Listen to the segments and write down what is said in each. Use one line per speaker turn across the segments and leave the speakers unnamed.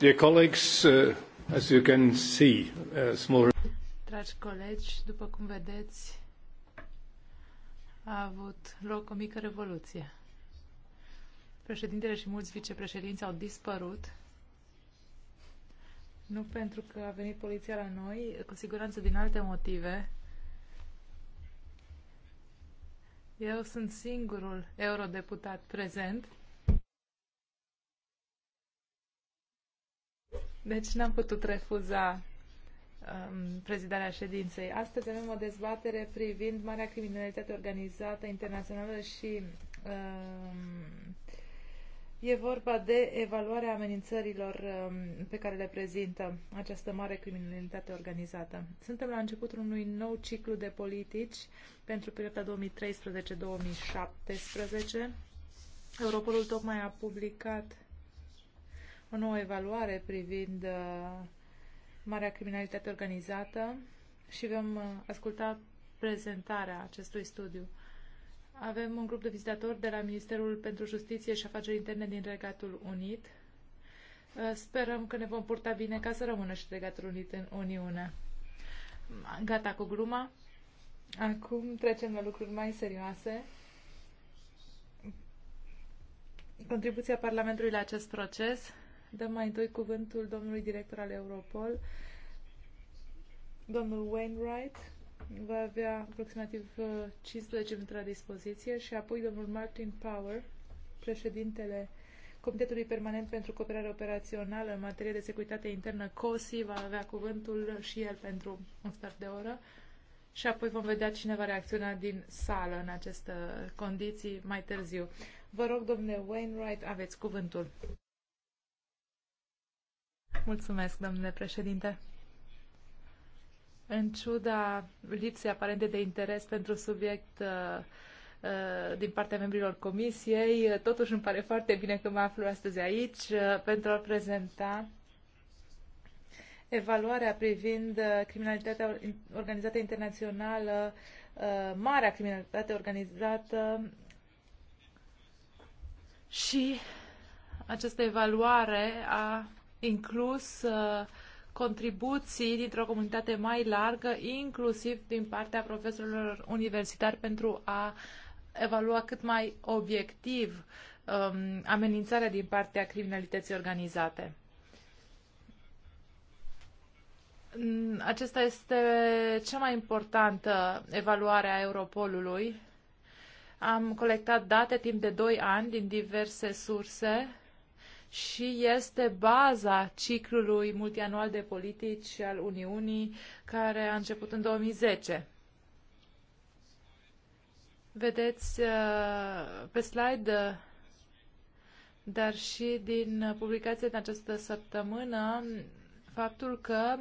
Dear colleagues, uh, as you can see, uh, small... Dragi colegi, după cum vedeți, a avut loc o mică revoluție. Președintele și mulți vicepreședinți au dispărut. Nu pentru că a venit poliția la noi, cu siguranță din alte motive. Eu sunt singurul eurodeputat prezent Deci n-am putut refuza um, prezidarea ședinței. Astăzi avem o dezbatere privind marea criminalitate organizată internațională și um, e vorba de evaluarea amenințărilor um, pe care le prezintă această mare criminalitate organizată. Suntem la începutul unui nou ciclu de politici pentru perioada 2013-2017. Europolul tocmai a publicat o nouă evaluare privind uh, marea criminalitate organizată și vom uh, asculta prezentarea acestui studiu. Avem un grup de vizitatori de la Ministerul pentru Justiție și Afaceri Interne din Regatul Unit. Uh, sperăm că ne vom purta bine ca să rămână și Regatul Unit în Uniune. Gata cu gluma. Acum trecem la lucruri mai serioase. Contribuția Parlamentului la acest proces Dăm mai întâi cuvântul domnului director al Europol, domnul Wainwright. Va avea aproximativ 15 uh, minute la dispoziție și apoi domnul Martin Power, președintele Comitetului Permanent pentru Cooperare Operațională în materie de securitate internă, COSI, va avea cuvântul și el pentru un sfert de oră. Și apoi vom vedea cine va reacționa din sală în aceste condiții mai târziu. Vă rog, domnule Wainwright, aveți cuvântul. Mulțumesc, domnule președinte. În ciuda lipsei aparente de interes pentru subiect uh, uh, din partea membrilor comisiei, uh, totuși îmi pare foarte bine că mă aflu astăzi aici pentru a prezenta evaluarea privind criminalitatea organizată internațională, marea criminalitate organizată și această evaluare a inclus uh, contribuții dintr-o comunitate mai largă, inclusiv din partea profesorilor universitari pentru a evalua cât mai obiectiv um, amenințarea din partea criminalității organizate. Mm, acesta este cea mai importantă evaluare a Europolului. Am colectat date timp de 2 ani din diverse surse și este baza ciclului multianual de politici al Uniunii care a început în 2010. Vedeți uh, pe slide, dar și din publicația din această săptămână, faptul că,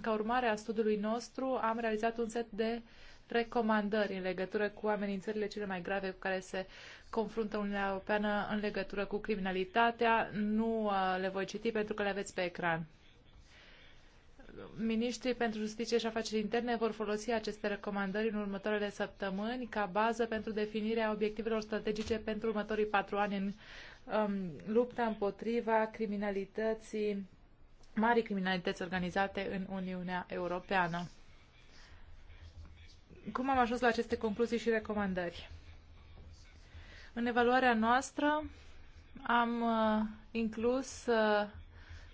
ca urmare a studiului nostru, am realizat un set de uh, recomandări în legătură cu amenințările cele mai grave cu care se confruntă Uniunea Europeană în legătură cu criminalitatea. Nu uh, le voi citi pentru că le aveți pe ecran. Ministrii pentru Justiție și Afaceri Interne vor folosi aceste recomandări în următoarele săptămâni ca bază pentru definirea obiectivelor strategice pentru următorii patru ani în um, lupta împotriva criminalității, mari criminalități organizate în Uniunea Europeană. Cum am ajuns la aceste concluzii și recomandări? În evaluarea noastră am uh, inclus uh,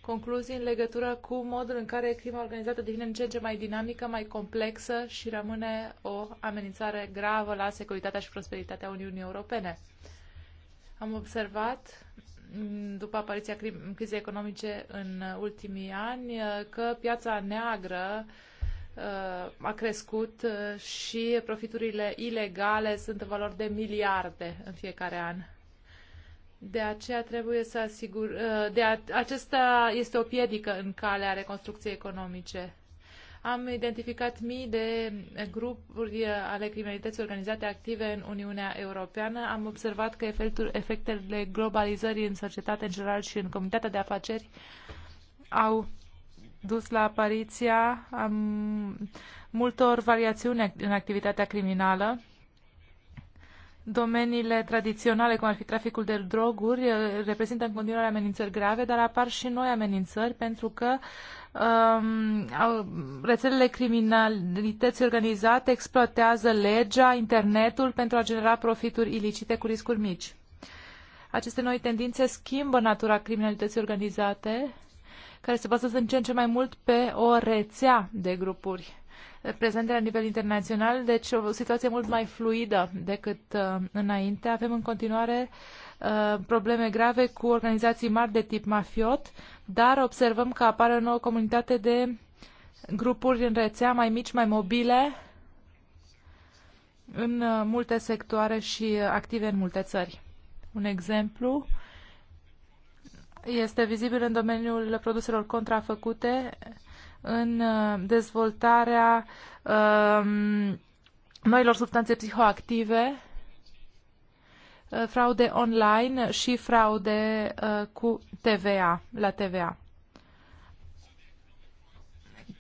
concluzii în legătură cu modul în care crima organizată devine în ce în ce mai dinamică, mai complexă și rămâne o amenințare gravă la securitatea și prosperitatea Uniunii Europene. Am observat mm, după apariția crizei economice în uh, ultimii ani că piața neagră a crescut uh, și profiturile ilegale sunt în valori de miliarde în fiecare an. De aceea trebuie să asigur... Uh, de a... Acesta este o piedică în calea reconstrucției economice. Am identificat mii de grupuri ale criminalității organizate active în Uniunea Europeană. Am observat că efectul, efectele globalizării în societate în general și în comunitatea de afaceri au dus la apariția a multor variațiuni în activitatea criminală. Domeniile tradiționale, cum ar fi traficul de droguri, eh, reprezintă în continuare amenințări grave, dar apar și noi amenințări pentru că um, rețelele criminalității organizate exploatează legea, internetul pentru a genera profituri ilicite cu riscuri mici. Aceste noi tendințe schimbă natura criminalității organizate care se bazează în ce în ce mai mult pe o rețea de grupuri prezente la nivel internațional, deci o situație mult mai fluidă decât uh, înainte. Avem în continuare uh, probleme grave cu organizații mari de tip mafiot, dar observăm că apare o nouă comunitate de grupuri în rețea mai mici, mai mobile, în uh, multe sectoare și uh, active în multe țări. Un exemplu este vizibil în domeniul produselor contrafăcute, în uh, dezvoltarea um, noilor substanțe psihoactive, uh, fraude online și fraude uh, cu TVA, la TVA.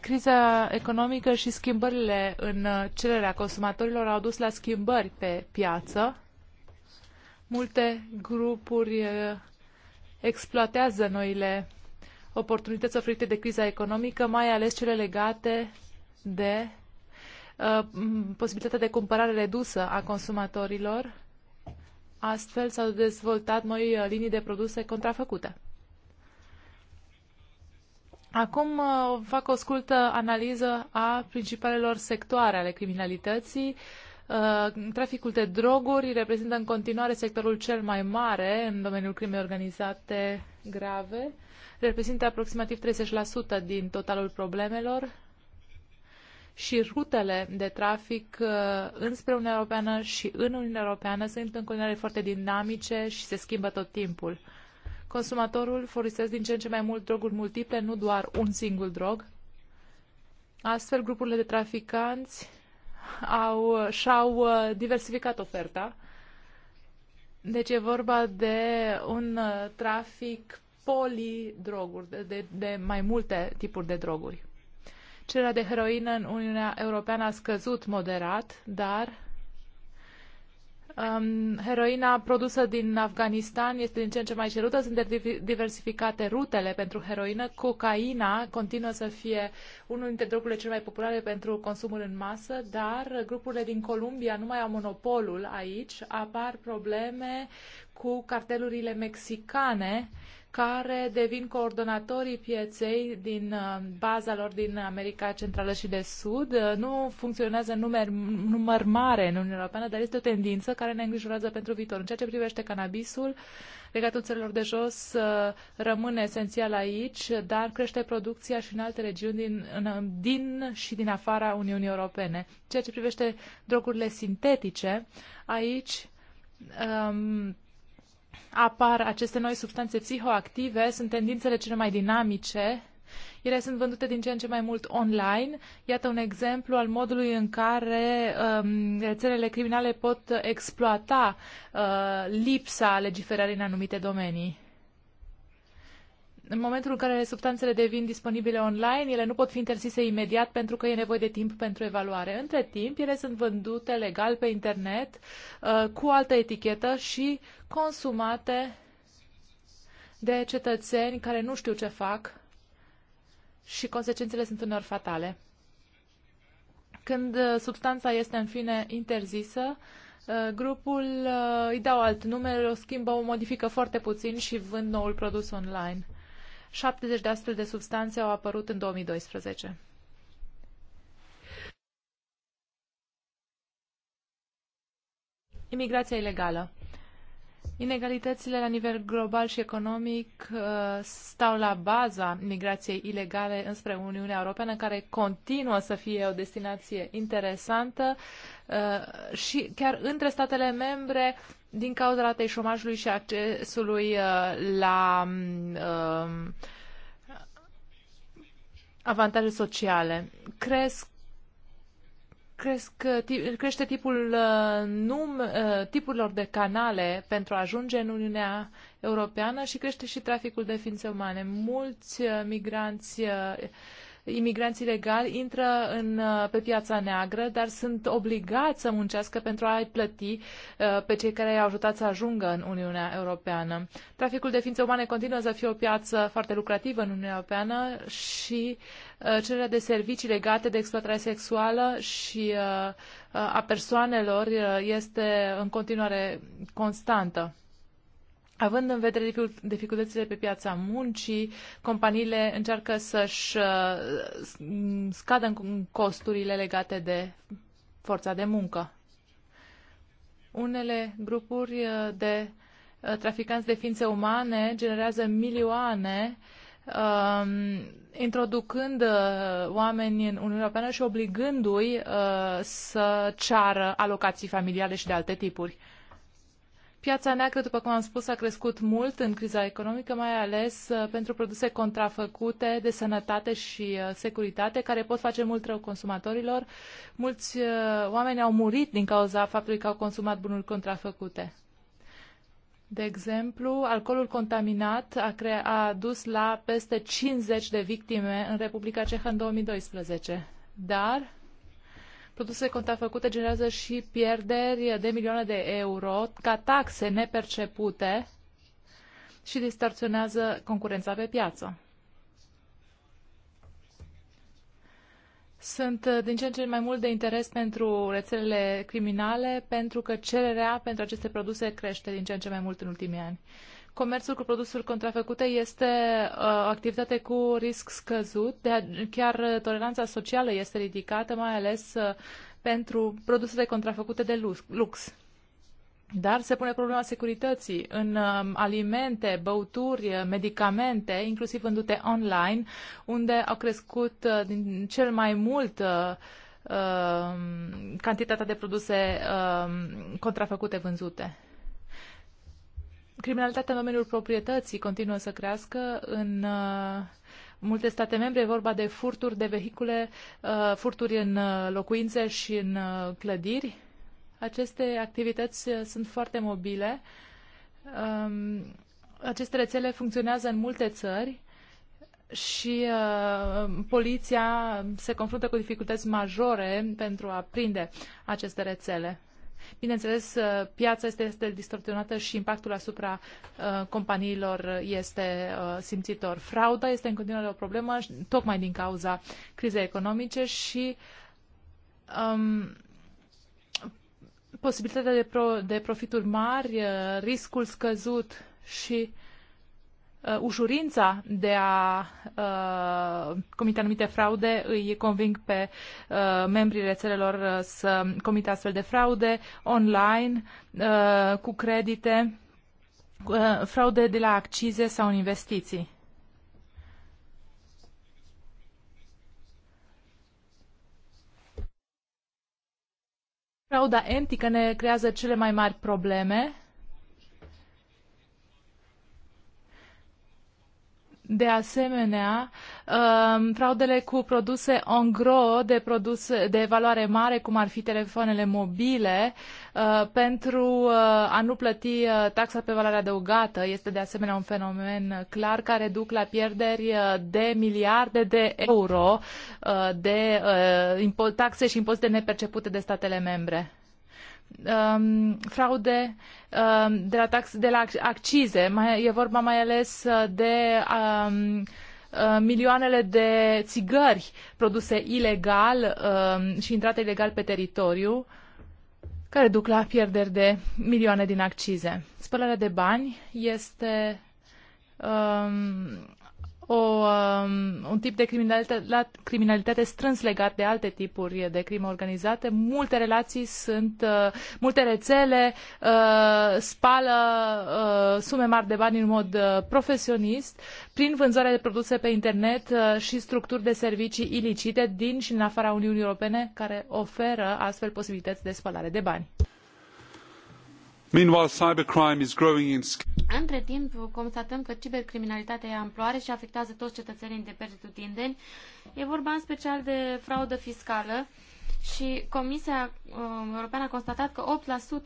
Criza economică și schimbările în uh, cererea consumatorilor au dus la schimbări pe piață. Multe grupuri uh, exploatează noile oportunități oferite de criza economică, mai ales cele legate de uh, posibilitatea de cumpărare redusă a consumatorilor. Astfel s-au dezvoltat noi uh, linii de produse contrafăcute. Acum uh, fac o scultă analiză a principalelor sectoare ale criminalității. Uh, traficul de droguri reprezintă în continuare sectorul cel mai mare în domeniul crimei organizate grave. Reprezintă aproximativ 30% din totalul problemelor și rutele de trafic uh, înspre Uniunea Europeană și în Uniunea Europeană sunt în continuare foarte dinamice și se schimbă tot timpul. Consumatorul folosesc din ce în ce mai mult droguri multiple, nu doar un singur drog. Astfel, grupurile de traficanți au, și-au uh, diversificat oferta. Deci e vorba de un uh, trafic polidroguri, de, de, de mai multe tipuri de droguri. Cererea de heroină în Uniunea Europeană a scăzut moderat, dar Um, heroina produsă din Afganistan este din ce în ce mai cerută, sunt diversificate rutele pentru heroină, cocaina continuă să fie unul dintre drogurile cele mai populare pentru consumul în masă, dar grupurile din Columbia nu mai au monopolul aici, apar probleme cu cartelurile mexicane care devin coordonatorii pieței din uh, baza lor din America Centrală și de Sud. Uh, nu funcționează număr, număr mare în Uniunea Europeană, dar este o tendință care ne îngrijorează pentru viitor. În ceea ce privește cannabisul, legatul țărilor de jos uh, rămâne esențial aici, dar crește producția și în alte regiuni din, în, din și din afara Uniunii Europene. Ceea ce privește drogurile sintetice, aici um, apar aceste noi substanțe psihoactive, sunt tendințele cele mai dinamice. Ele sunt vândute din ce în ce mai mult online. Iată un exemplu al modului în care um, rețelele criminale pot exploata uh, lipsa legiferării în anumite domenii în momentul în care substanțele devin disponibile online, ele nu pot fi interzise imediat pentru că e nevoie de timp pentru evaluare. Între timp, ele sunt vândute legal pe internet uh, cu altă etichetă și consumate de cetățeni care nu știu ce fac și consecințele sunt uneori fatale. Când uh, substanța este în fine interzisă, uh, grupul uh, îi dau alt nume, o schimbă, o modifică foarte puțin și vând noul produs online. 70 de astfel de substanțe au apărut în 2012. Imigrația ilegală. Inegalitățile la nivel global și economic uh, stau la baza migrației ilegale înspre Uniunea Europeană, care continuă să fie o destinație interesantă uh, și chiar între statele membre din cauza ratei șomajului și accesului uh, la avantaje sociale. Cresc cresc, crește tipul uh, num, uh, tipurilor de canale pentru a ajunge în Uniunea Europeană și crește și traficul de ființe umane. Mulți uh, migranți imigranți ilegali intră în, uh, pe piața neagră, dar sunt obligați să muncească pentru a-i plăti uh, pe cei care i-au ajutat să ajungă în Uniunea Europeană. Traficul de ființe umane continuă să fie o piață foarte lucrativă în Uniunea Europeană și uh, cererea de servicii legate de exploatare sexuală și a persoanelor este în continuare constantă. Având în vedere dificultățile pe piața muncii, companiile încearcă să-și uh, scadă în costurile legate de forța de muncă. Unele grupuri uh, de uh, traficanți de ființe umane generează milioane um, introducând oameni în Uniunea Europeană și obligându-i să ceară alocații familiale și de alte tipuri. Piața neagră, după cum am spus, a crescut mult în criza economică, mai ales uh, pentru produse contrafăcute de sănătate și uh, securitate, care pot face mult rău consumatorilor. Mulți uh, oameni au murit din cauza faptului că au consumat bunuri contrafăcute. De exemplu, alcoolul contaminat a, crea, a dus la peste 50 de victime în Republica Cehă în 2012. Dar Produse contrafăcute generează și pierderi de milioane de euro ca taxe nepercepute și distorsionează concurența pe piață. Sunt din ce în ce mai mult de interes pentru rețelele criminale, pentru că cererea pentru aceste produse crește din ce în ce mai mult în ultimii ani comerțul cu produsuri contrafăcute este o uh, activitate cu risc scăzut, de chiar uh, toleranța socială este ridicată, mai ales uh, pentru produsele contrafăcute de lux. Dar se pune problema securității în um, alimente, băuturi, medicamente, inclusiv vândute online, unde au crescut din cel mai mult um, cantitatea de produse um, contrafăcute vânzute. Criminalitatea în domeniul proprietății continuă să crească în uh, multe state membre. E vorba de furturi de vehicule, uh, furturi în uh, locuințe și în clădiri. Aceste activități sunt foarte mobile. Um, aceste rețele funcționează în multe țări și poliția se confruntă cu dificultăți majore pentru a prinde aceste rețele. Bineînțeles, uh, piața este, este distorsionată și impactul asupra uh, companiilor este uh, simțitor. Frauda este în continuare o problemă tocmai din cauza crizei economice și um, posibilitatea de, pro, de profituri mari, uh, riscul scăzut și uh, uh, ușurința de a uh, comite anumite fraude, îi conving pe uh, membrii rețelelor uh, să comite astfel de fraude online, uh, cu credite, uh, fraude de la accize sau în investiții. Frauda entică ne creează cele mai mari probleme De asemenea, um, fraudele cu produse on gros de, produse, de valoare mare, cum ar fi telefoanele mobile, uh, pentru uh, a nu plăti uh, taxa pe valoare adăugată, este de asemenea un fenomen clar care duc la pierderi de miliarde de euro de taxe și impozite nepercepute de statele membre um, fraude um, de la, tax, de la accize. Mai, e vorba mai ales uh, de um, uh, milioanele de țigări produse ilegal um, și intrate ilegal pe teritoriu, care duc la pierderi de milioane din accize. Spălarea de bani este um, o, um, un tip de criminalitate, la, criminalitate strâns legat de alte tipuri de crimă organizată. Multe relații sunt, uh, multe rețele uh, spală uh, sume mari de bani în mod uh, profesionist prin vânzarea de produse pe internet uh, și structuri de servicii ilicite din și în afara Uniunii Europene care
oferă astfel posibilități de spălare de bani.
Meanwhile, cybercrime is growing in scale.
Între timp, constatăm că cibercriminalitatea e amploare și afectează toți cetățenii de pertutindeni. E vorba în special de fraudă fiscală și Comisia um, Europeană a constatat că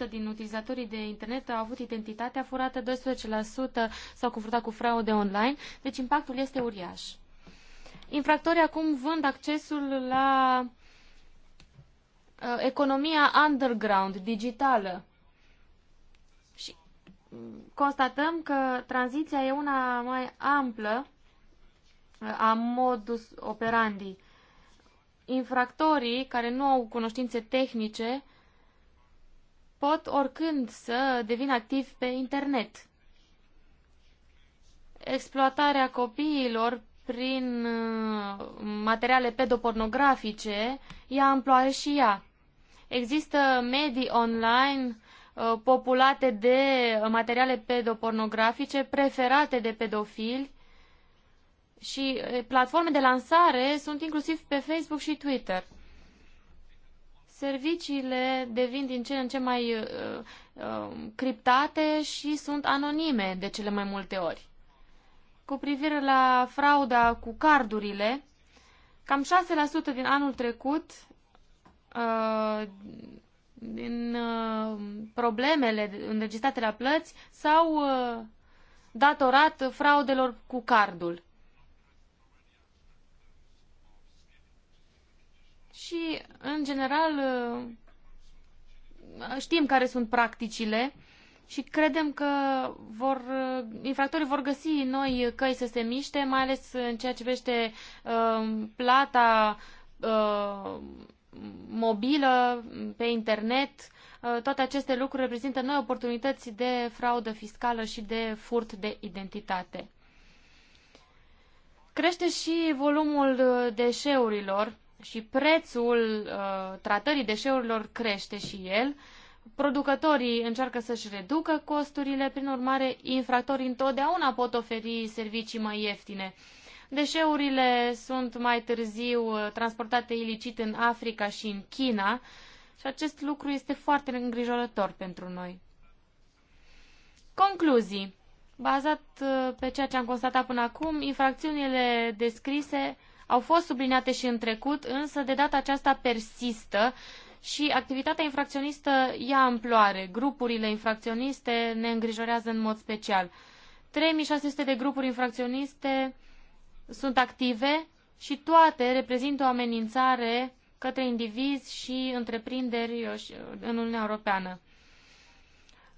8% din utilizatorii de internet au avut identitatea furată, 12% s-au confruntat cu fraude online, deci impactul este uriaș. Infractorii acum vând accesul la uh, economia underground, digitală, constatăm că tranziția e una mai amplă a modus operandi. Infractorii care nu au cunoștințe tehnice pot oricând să devină activi pe internet. Exploatarea copiilor prin uh, materiale pedopornografice ia amploare și ea. Există medii online Uh, populate de materiale pedopornografice preferate de pedofili și uh, platforme de lansare sunt inclusiv pe Facebook și Twitter. Serviciile devin din ce în ce mai uh, uh, criptate și sunt anonime de cele mai multe ori. Cu privire la frauda cu cardurile, cam 6% din anul trecut uh, din uh, problemele înregistrate la plăți s-au uh, datorat fraudelor cu cardul. Și, în general, uh, știm care sunt practicile și credem că vor, infractorii vor găsi noi căi să se miște, mai ales în ceea ce vește uh, plata uh, mobilă, pe internet, uh, toate aceste lucruri reprezintă noi oportunități de fraudă fiscală și de furt de identitate. Crește și volumul uh, deșeurilor și prețul uh, tratării deșeurilor crește și el. Producătorii încearcă să-și reducă costurile, prin urmare, infractorii întotdeauna pot oferi servicii mai ieftine. Uh, Deșeurile sunt mai târziu uh, transportate ilicit în Africa și în China și acest lucru este foarte îngrijorător pentru noi. Concluzii. Bazat uh, pe ceea ce am constatat până acum, infracțiunile descrise au fost subliniate și în trecut, însă de data aceasta persistă și activitatea infracționistă ia amploare. Grupurile infracționiste ne îngrijorează în mod special. 3600 de grupuri infracționiste sunt active și toate reprezintă o amenințare către indivizi și întreprinderi în Uniunea Europeană.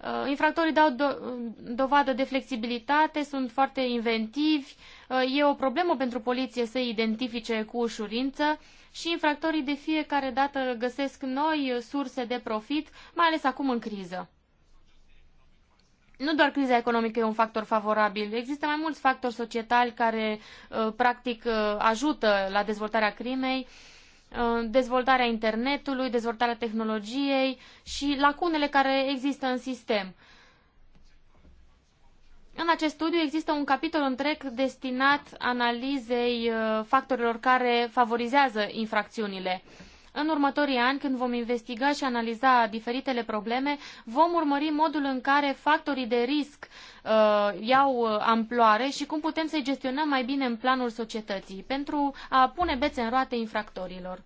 Uh, infractorii dau do- dovadă de flexibilitate, sunt foarte inventivi, uh, e o problemă pentru poliție să identifice cu ușurință și infractorii de fiecare dată găsesc noi surse de profit, mai ales acum în criză nu doar criza economică e un factor favorabil, există mai mulți factori societali care uh, practic uh, ajută la dezvoltarea crimei, uh, dezvoltarea internetului, dezvoltarea tehnologiei și lacunele care există în sistem. În acest studiu există un capitol întreg destinat analizei factorilor care favorizează infracțiunile. În următorii ani, când vom investiga și analiza diferitele probleme, vom urmări modul în care factorii de risc uh, iau uh, amploare și cum putem să-i gestionăm mai bine în planul societății, pentru a pune bețe în roate infractorilor.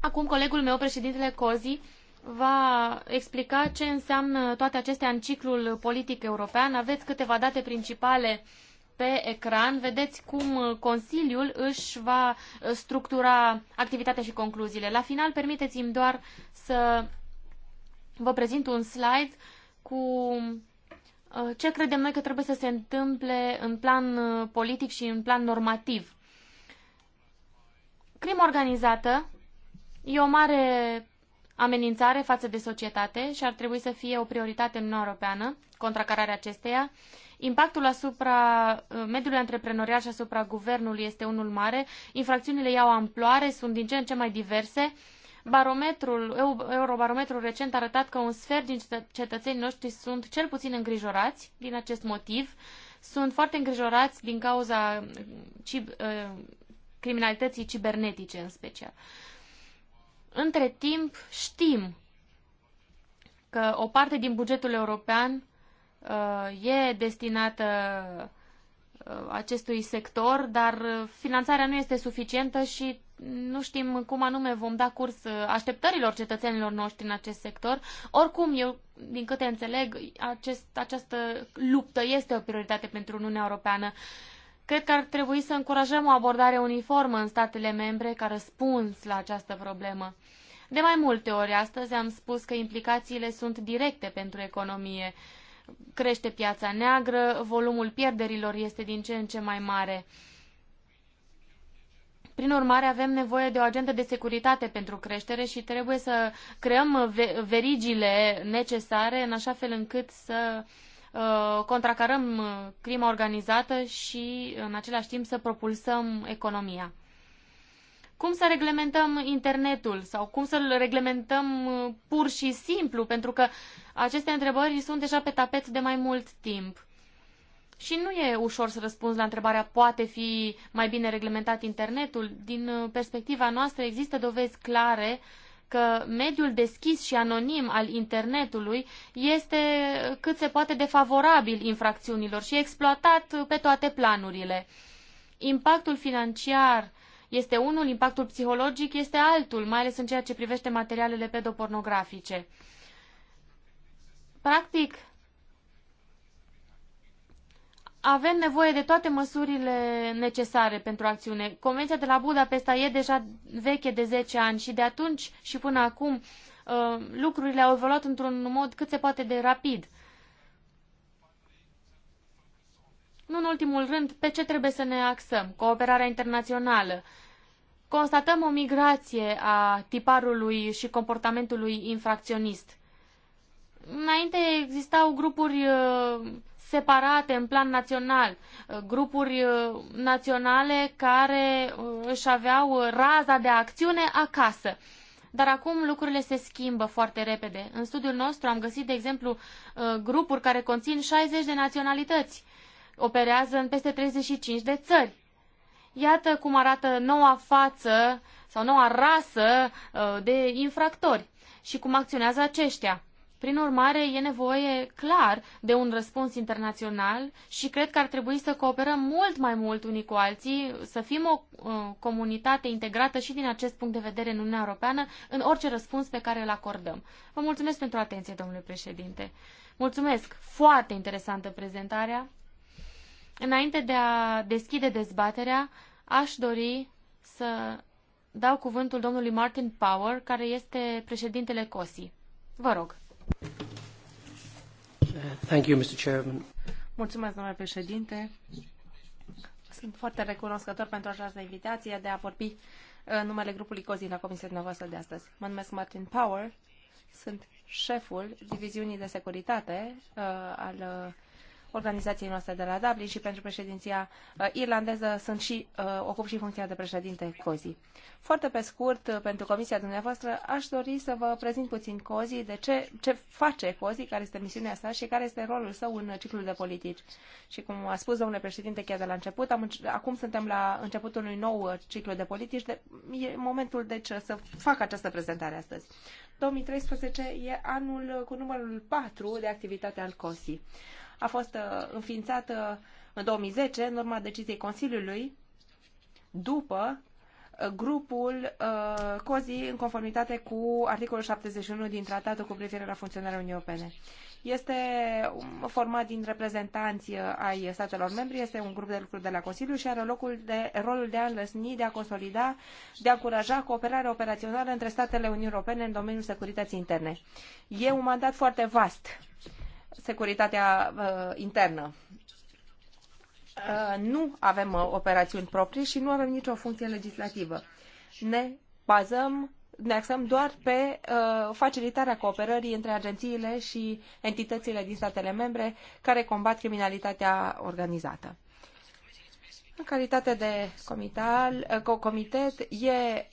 Acum colegul meu, președintele Cozi, va explica ce înseamnă toate acestea în ciclul politic european. Aveți câteva date principale uh, pe ecran vedeți cum uh, Consiliul își va uh, structura activitatea și concluziile. La final, permiteți-mi doar să vă prezint un slide cu uh, ce credem noi că trebuie să se întâmple în plan politic și în plan normativ. Crimă organizată e o mare amenințare față de societate și ar trebui să fie o prioritate în Uniunea Europeană, contracararea acesteia. Impactul asupra uh, mediului antreprenorial și asupra guvernului este unul mare. Infracțiunile iau amploare, sunt din ce în ce mai diverse. Barometrul, Eurobarometrul recent a arătat că un sfert din cetățenii noștri sunt cel puțin îngrijorați din acest motiv. Sunt foarte îngrijorați din cauza cib, uh, criminalității cibernetice în special. Uh, între timp știm că o parte din bugetul european uh, e destinată uh, acestui sector, dar finanțarea nu este suficientă și nu știm cum anume vom da curs uh, așteptărilor cetățenilor noștri în acest sector. Oricum, eu, din câte înțeleg, acest, această luptă este o prioritate pentru Uniunea Europeană. Uh, Cred că ar trebui să încurajăm o abordare uniformă în statele membre ca răspuns la această problemă. De mai multe ori astăzi am spus că implicațiile sunt directe pentru economie. Crește piața neagră, volumul pierderilor este din ce în ce mai mare. Prin urmare, avem nevoie de o agendă de securitate pentru creștere și trebuie să creăm verigile necesare în așa fel încât să uh, Uh, contracarăm uh, crima organizată și în același timp să propulsăm economia. Cum să reglementăm internetul sau cum să-l reglementăm uh, pur și simplu, pentru că aceste întrebări sunt deja pe tapet de mai mult timp. Și nu e ușor să răspunzi la întrebarea poate fi mai bine reglementat internetul. Din perspectiva noastră există dovezi clare uh, că mediul deschis și anonim al internetului este cât se poate defavorabil infracțiunilor și exploatat pe toate planurile. Impactul financiar este unul, impactul psihologic este altul, mai ales în ceea ce privește materialele pedopornografice. Practic, avem nevoie de toate măsurile necesare pentru acțiune. Convenția de la Budapesta e deja veche de 10 ani și de atunci și până acum uh, lucrurile au evoluat într-un mod cât se poate de rapid. Nu în ultimul rând, pe ce trebuie să ne axăm? Cooperarea internațională. Constatăm o migrație a tiparului și comportamentului infracționist. Înainte existau grupuri uh, separate în plan național, uh, grupuri uh, naționale care uh, își aveau raza de acțiune acasă. Dar acum lucrurile se schimbă foarte repede. În studiul nostru am găsit, de exemplu, grupuri care conțin 60 de naționalități. Operează în peste 35 de țări. Iată cum arată noua față sau noua rasă de infractori și cum acționează aceștia. Prin urmare, e nevoie clar de un răspuns internațional și cred că ar trebui să cooperăm mult mai mult unii cu alții, să fim o uh, comunitate integrată și din acest punct de vedere în Uniunea Europeană în orice răspuns pe care îl acordăm. Vă mulțumesc pentru atenție, domnule președinte. Mulțumesc! Foarte interesantă prezentarea. Înainte de a deschide dezbaterea, aș dori să dau cuvântul domnului Martin Power, care este președintele
COSI. Vă rog.
Thank you, Mr. Chairman.
Mulțumesc, domnule președinte. Sunt foarte recunoscător pentru această invitație de a vorbi în numele grupului COZI la comisia dumneavoastră de astăzi. Mă numesc Martin Power, sunt șeful Diviziunii de Securitate uh, al uh, organizației noastre de la Dublin și pentru președinția uh, irlandeză sunt și, uh, ocup și funcția de președinte COZI. Foarte pe scurt, uh, pentru comisia dumneavoastră, aș dori să vă prezint puțin COZI, de ce, ce face COZI, care este misiunea sa și care este rolul său în ciclul de politici. Și cum a spus domnule președinte chiar de la început, am, acum suntem la începutul unui nou ciclu de politici, de, e momentul deci să fac această prezentare astăzi. 2013 e anul cu numărul 4 de activitate al COSI a fost uh, înființată uh, în 2010 în urma deciziei Consiliului după uh, grupul uh, COZI în conformitate cu articolul 71 din tratatul cu privire la funcționarea Uniunii Europene. Este um, format din reprezentanți ai statelor membri, este un grup de lucru de la Consiliu și are locul de, rolul de a înlăsni, de a consolida, de a încuraja cooperarea operațională între statele Uniunii Europene în domeniul securității interne. E un mandat foarte vast securitatea uh, internă. Uh, nu avem uh, operațiuni proprii și nu avem nicio funcție legislativă. Ne bazăm ne axăm doar pe uh, facilitarea cooperării între agențiile și entitățile din statele membre care combat criminalitatea organizată. În calitate de comital, uh, comitet, e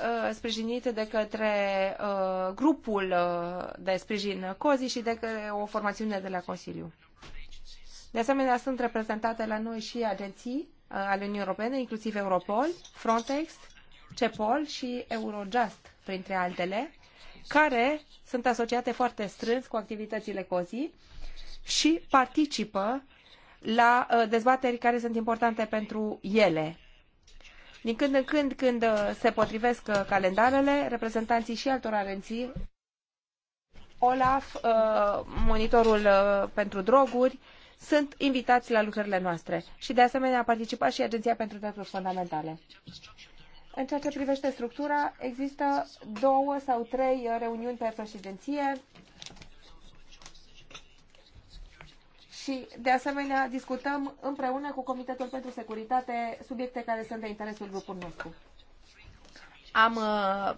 Uh, sprijinite de către uh, grupul uh, de sprijin COZI și de către o formațiune de la Consiliu. De asemenea, sunt reprezentate la noi și agenții ale Uniunii Europene, inclusiv Europol, Frontex, CEPOL și Eurojust, printre altele, care sunt asociate foarte strâns cu activitățile COZI și participă la dezbateri care sunt importante pentru ele din când în când, când uh, se potrivesc uh, calendarele, reprezentanții și altor agenții, OLAF, uh, monitorul pentru droguri, sunt invitați la lucrările noastre și de asemenea a participat și Agenția pentru Drepturi Fundamentale. În ceea ce privește structura, există două sau trei reuniuni pe președinție și, de asemenea, discutăm împreună cu Comitetul pentru Securitate subiecte care sunt de interesul grupului nostru. Am uh, uh,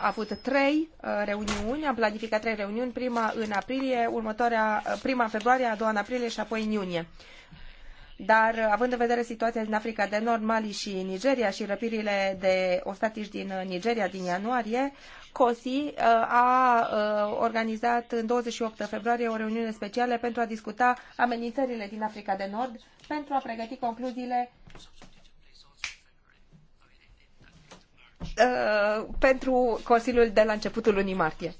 avut trei uh, reuniuni, am planificat trei reuniuni, prima în aprilie, următoarea, uh, prima în februarie, a doua în aprilie și apoi în iunie. Dar, uh, având în vedere situația din Africa de Nord, Mali și Nigeria și răpirile de ostatici din Nigeria din ianuarie, COSI uh, a uh, organizat în 28 februarie o reuniune specială pentru a discuta amenințările din Africa de Nord pentru a pregăti concluziile uh, pentru Consiliul de la începutul lunii martie.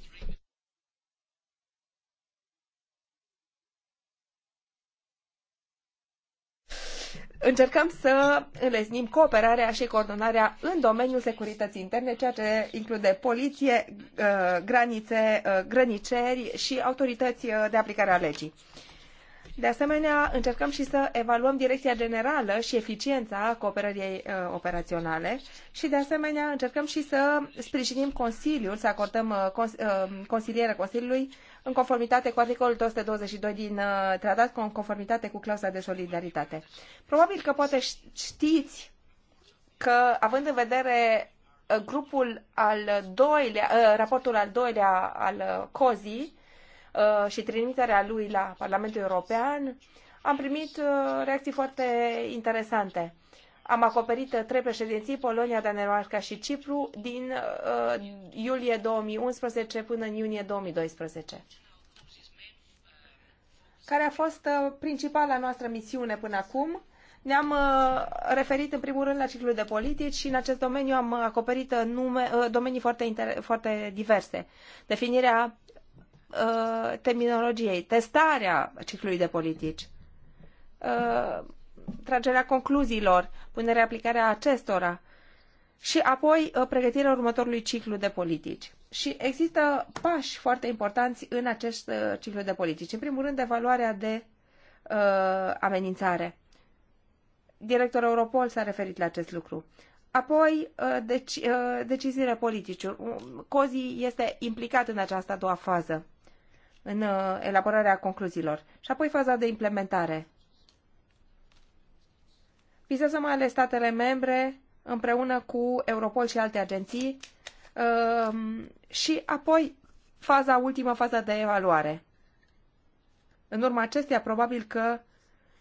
încercăm să înlesnim cooperarea și coordonarea în domeniul securității interne, ceea ce include poliție, uh, granițe, uh, grăniceri și autorități uh, de aplicare a legii. De asemenea, încercăm și să evaluăm direcția generală și eficiența cooperării operaționale și, de asemenea, încercăm și să sprijinim Consiliul, să acordăm consiliere Consiliului în conformitate cu articolul 222 din uh, tratat, în conformitate cu clauza de solidaritate. Probabil că poate știți că, având în vedere uh, grupul al doilea, uh, raportul al doilea al COZI și trimiterea lui la Parlamentul European, am primit reacții foarte interesante am acoperit uh, trei președinții, Polonia, Danemarca și Cipru, din uh, iulie 2011 până în iunie 2012. Care a fost uh, principala noastră misiune până acum? Ne-am uh, referit în primul rând la ciclul de politici și în acest domeniu am acoperit uh, nume, uh, domenii foarte, inter- foarte diverse. Definirea uh, terminologiei, testarea ciclului de politici, tragerea concluziilor, punerea aplicarea acestora și apoi uh, pregătirea următorului ciclu de politici. Și există pași foarte importanți în acest uh, ciclu de politici. În primul rând, evaluarea de uh, amenințare. Directorul Europol s-a referit la acest lucru. Apoi, uh, deci, uh, deciziile politice. Um, COZI este implicat în această a doua fază, în uh, elaborarea concluziilor. Și apoi faza de implementare vizează mai ales statele membre împreună cu Europol și alte agenții um, și apoi faza ultimă, faza de evaluare. În urma acesteia, probabil că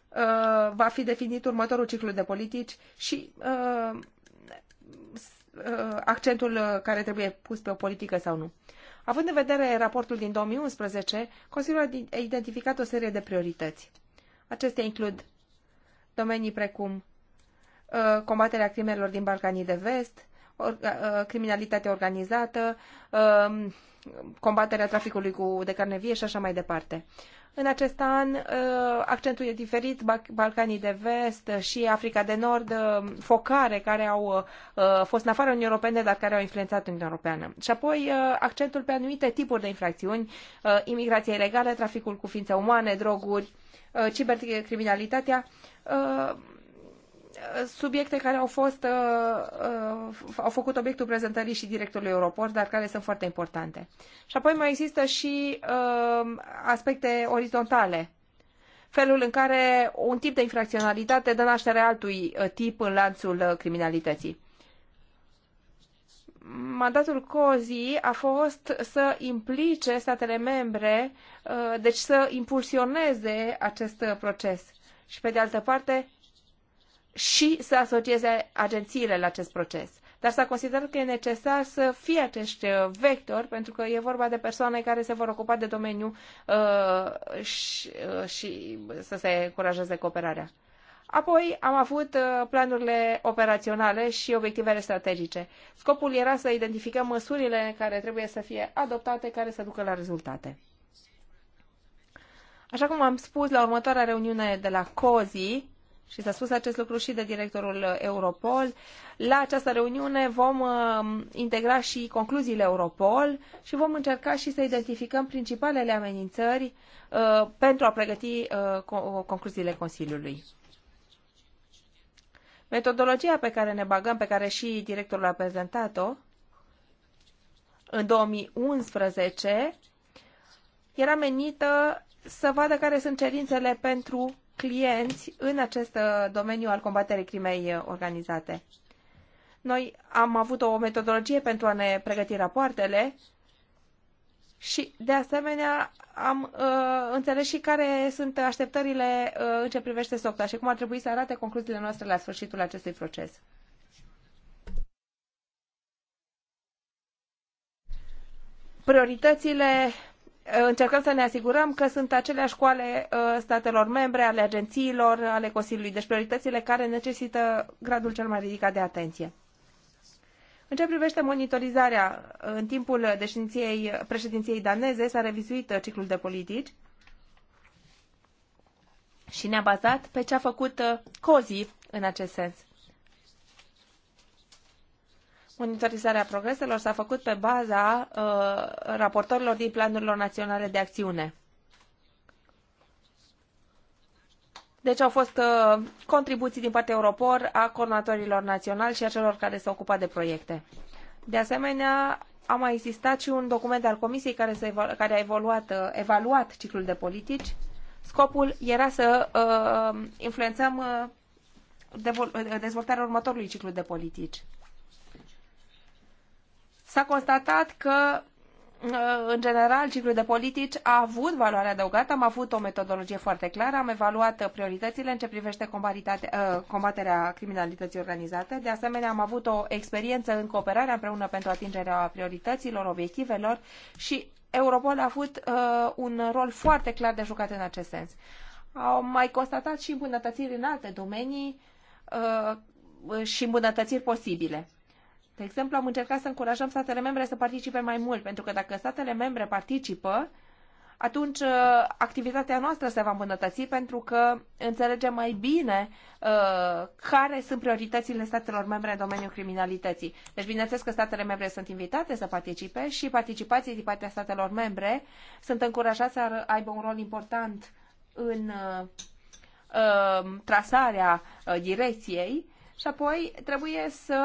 uh, va fi definit următorul ciclu de politici și uh, uh, accentul care trebuie pus pe o politică sau nu. Având în vedere raportul din 2011, Consiliul a identificat o serie de priorități. Acestea includ domenii precum Uh, combaterea crimelor din Balcanii de Vest, uh, uh, criminalitatea organizată, um, combaterea traficului cu, de carne vie și așa mai departe. În acest an, accentul e diferit, Balcanii de Vest și Africa de Nord, focare care au fost în afară Uniunii Europene, dar care au influențat Uniunea Europeană. Și apoi, accentul pe anumite tipuri de infracțiuni, imigrația ilegală, traficul cu ființe umane, droguri, cibercriminalitatea, subiecte care au fost uh, uh, au făcut obiectul prezentării și directorului Europort, dar care sunt foarte importante. Și apoi mai există și uh, aspecte orizontale felul în care un tip de infracționalitate dă naștere altui tip în lanțul criminalității. Mandatul COZI a fost să implice statele membre, deci să impulsioneze acest proces. Și pe de altă parte, și să asocieze agențiile la acest proces. Dar s-a considerat că e necesar să fie acești uh, vectori, pentru că e vorba de persoane care se vor ocupa de domeniu uh, și, uh, și să se încurajeze cooperarea. Apoi am avut uh, planurile operaționale și obiectivele strategice. Scopul era să identificăm măsurile care trebuie să fie adoptate, care să ducă la rezultate. Așa cum am spus la următoarea reuniune de la COZI, și s-a spus acest lucru și de directorul Europol, la această reuniune vom uh, integra și concluziile Europol și vom încerca și să identificăm principalele amenințări uh, pentru a pregăti uh, uh concluziile Consiliului. Metodologia pe care ne bagăm, pe care și directorul a prezentat-o în 2011, era menită să vadă care sunt cerințele pentru clienți în acest uh, domeniu al combaterii crimei uh, organizate. Noi am avut o metodologie pentru a ne pregăti rapoartele și, de asemenea, am uh, înțeles și care sunt așteptările uh, în ce privește SOCTA și cum ar trebui să arate concluziile noastre la sfârșitul acestui proces. Prioritățile încercăm să ne asigurăm că sunt aceleași școale uh, statelor membre, ale agențiilor, ale Consiliului, deci prioritățile care necesită gradul cel mai ridicat de atenție. În ce privește monitorizarea, uh, în timpul deșinției, președinției daneze s-a revizuit uh, ciclul de politici și ne-a bazat pe ce a făcut COZI în acest sens. Monitorizarea progreselor s-a făcut pe baza uh, raportorilor din planurilor naționale de acțiune. Deci au fost uh, contribuții din partea Europor a coordonatorilor naționali și a celor care s-au ocupat de proiecte. De asemenea, a mai existat și un document al Comisiei care, s -a care a evoluat, uh, evaluat ciclul de politici. Scopul era să uh, influențăm uh, uh dezvoltarea următorului ciclu de politici. S-a constatat că uh, în general, ciclul de politici a avut valoare adăugată, am avut o metodologie foarte clară, am evaluat prioritățile în ce privește uh, combaterea criminalității organizate. De asemenea, am avut o experiență în cooperarea împreună pentru atingerea priorităților, obiectivelor și Europol a avut uh, un rol foarte clar de jucat în acest sens. Au mai constatat și îmbunătățiri în alte domenii uh, și îmbunătățiri posibile. De exemplu, am încercat să încurajăm statele membre să participe mai mult, pentru că dacă statele membre participă, atunci uh, activitatea noastră se va îmbunătăți pentru că înțelegem mai bine uh, care sunt prioritățile statelor membre în domeniul criminalității. Deci, bineînțeles că statele membre sunt invitate să participe și participații din partea statelor membre sunt încurajați să aibă un rol important în uh, uh, trasarea uh, direcției și apoi trebuie să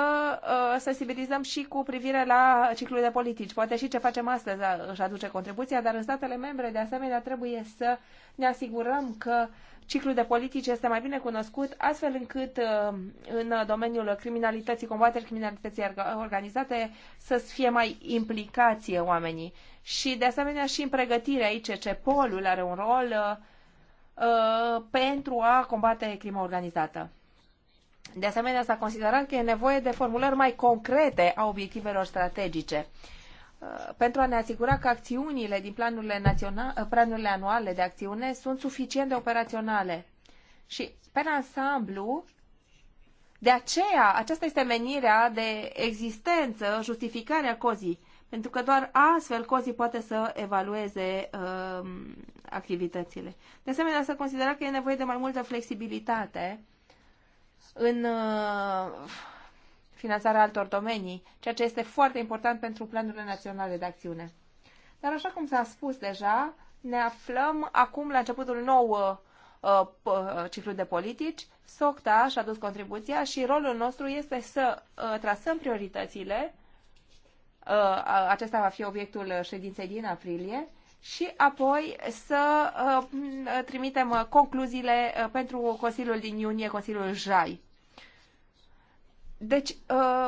uh, sensibilizăm și cu privire la ciclul de politici. Poate și ce facem astăzi își aduce contribuția, dar în statele membre, de asemenea, trebuie să ne asigurăm că ciclul de politici este mai bine cunoscut, astfel încât uh, în domeniul criminalității, combaterii criminalității organizate să fie mai implicați oamenii. Și, de asemenea, și în pregătire aici, ce polul are un rol uh, uh, pentru a combate crima organizată. De asemenea, s-a considerat că e nevoie de formulări mai concrete a obiectivelor strategice uh, pentru a ne asigura că acțiunile din planurile, naționale, uh, planurile anuale de acțiune sunt suficient de operaționale. Și, pe ansamblu, de aceea, aceasta este menirea de existență, justificarea cozii, pentru că doar astfel cozii poate să evalueze uh, activitățile. De asemenea, să considera că e nevoie de mai multă flexibilitate în uh, finanțarea altor domenii, ceea ce este foarte important pentru planurile naționale de acțiune. Dar așa cum s-a spus deja, ne aflăm acum la începutul nou uh, uh, ciclu de politici. SOCTA și-a dus contribuția și rolul nostru este să trasăm prioritățile. Acesta va fi obiectul ședinței din aprilie și apoi să uh, trimitem uh, concluziile uh, pentru Consiliul din iunie, Consiliul JAI. Deci,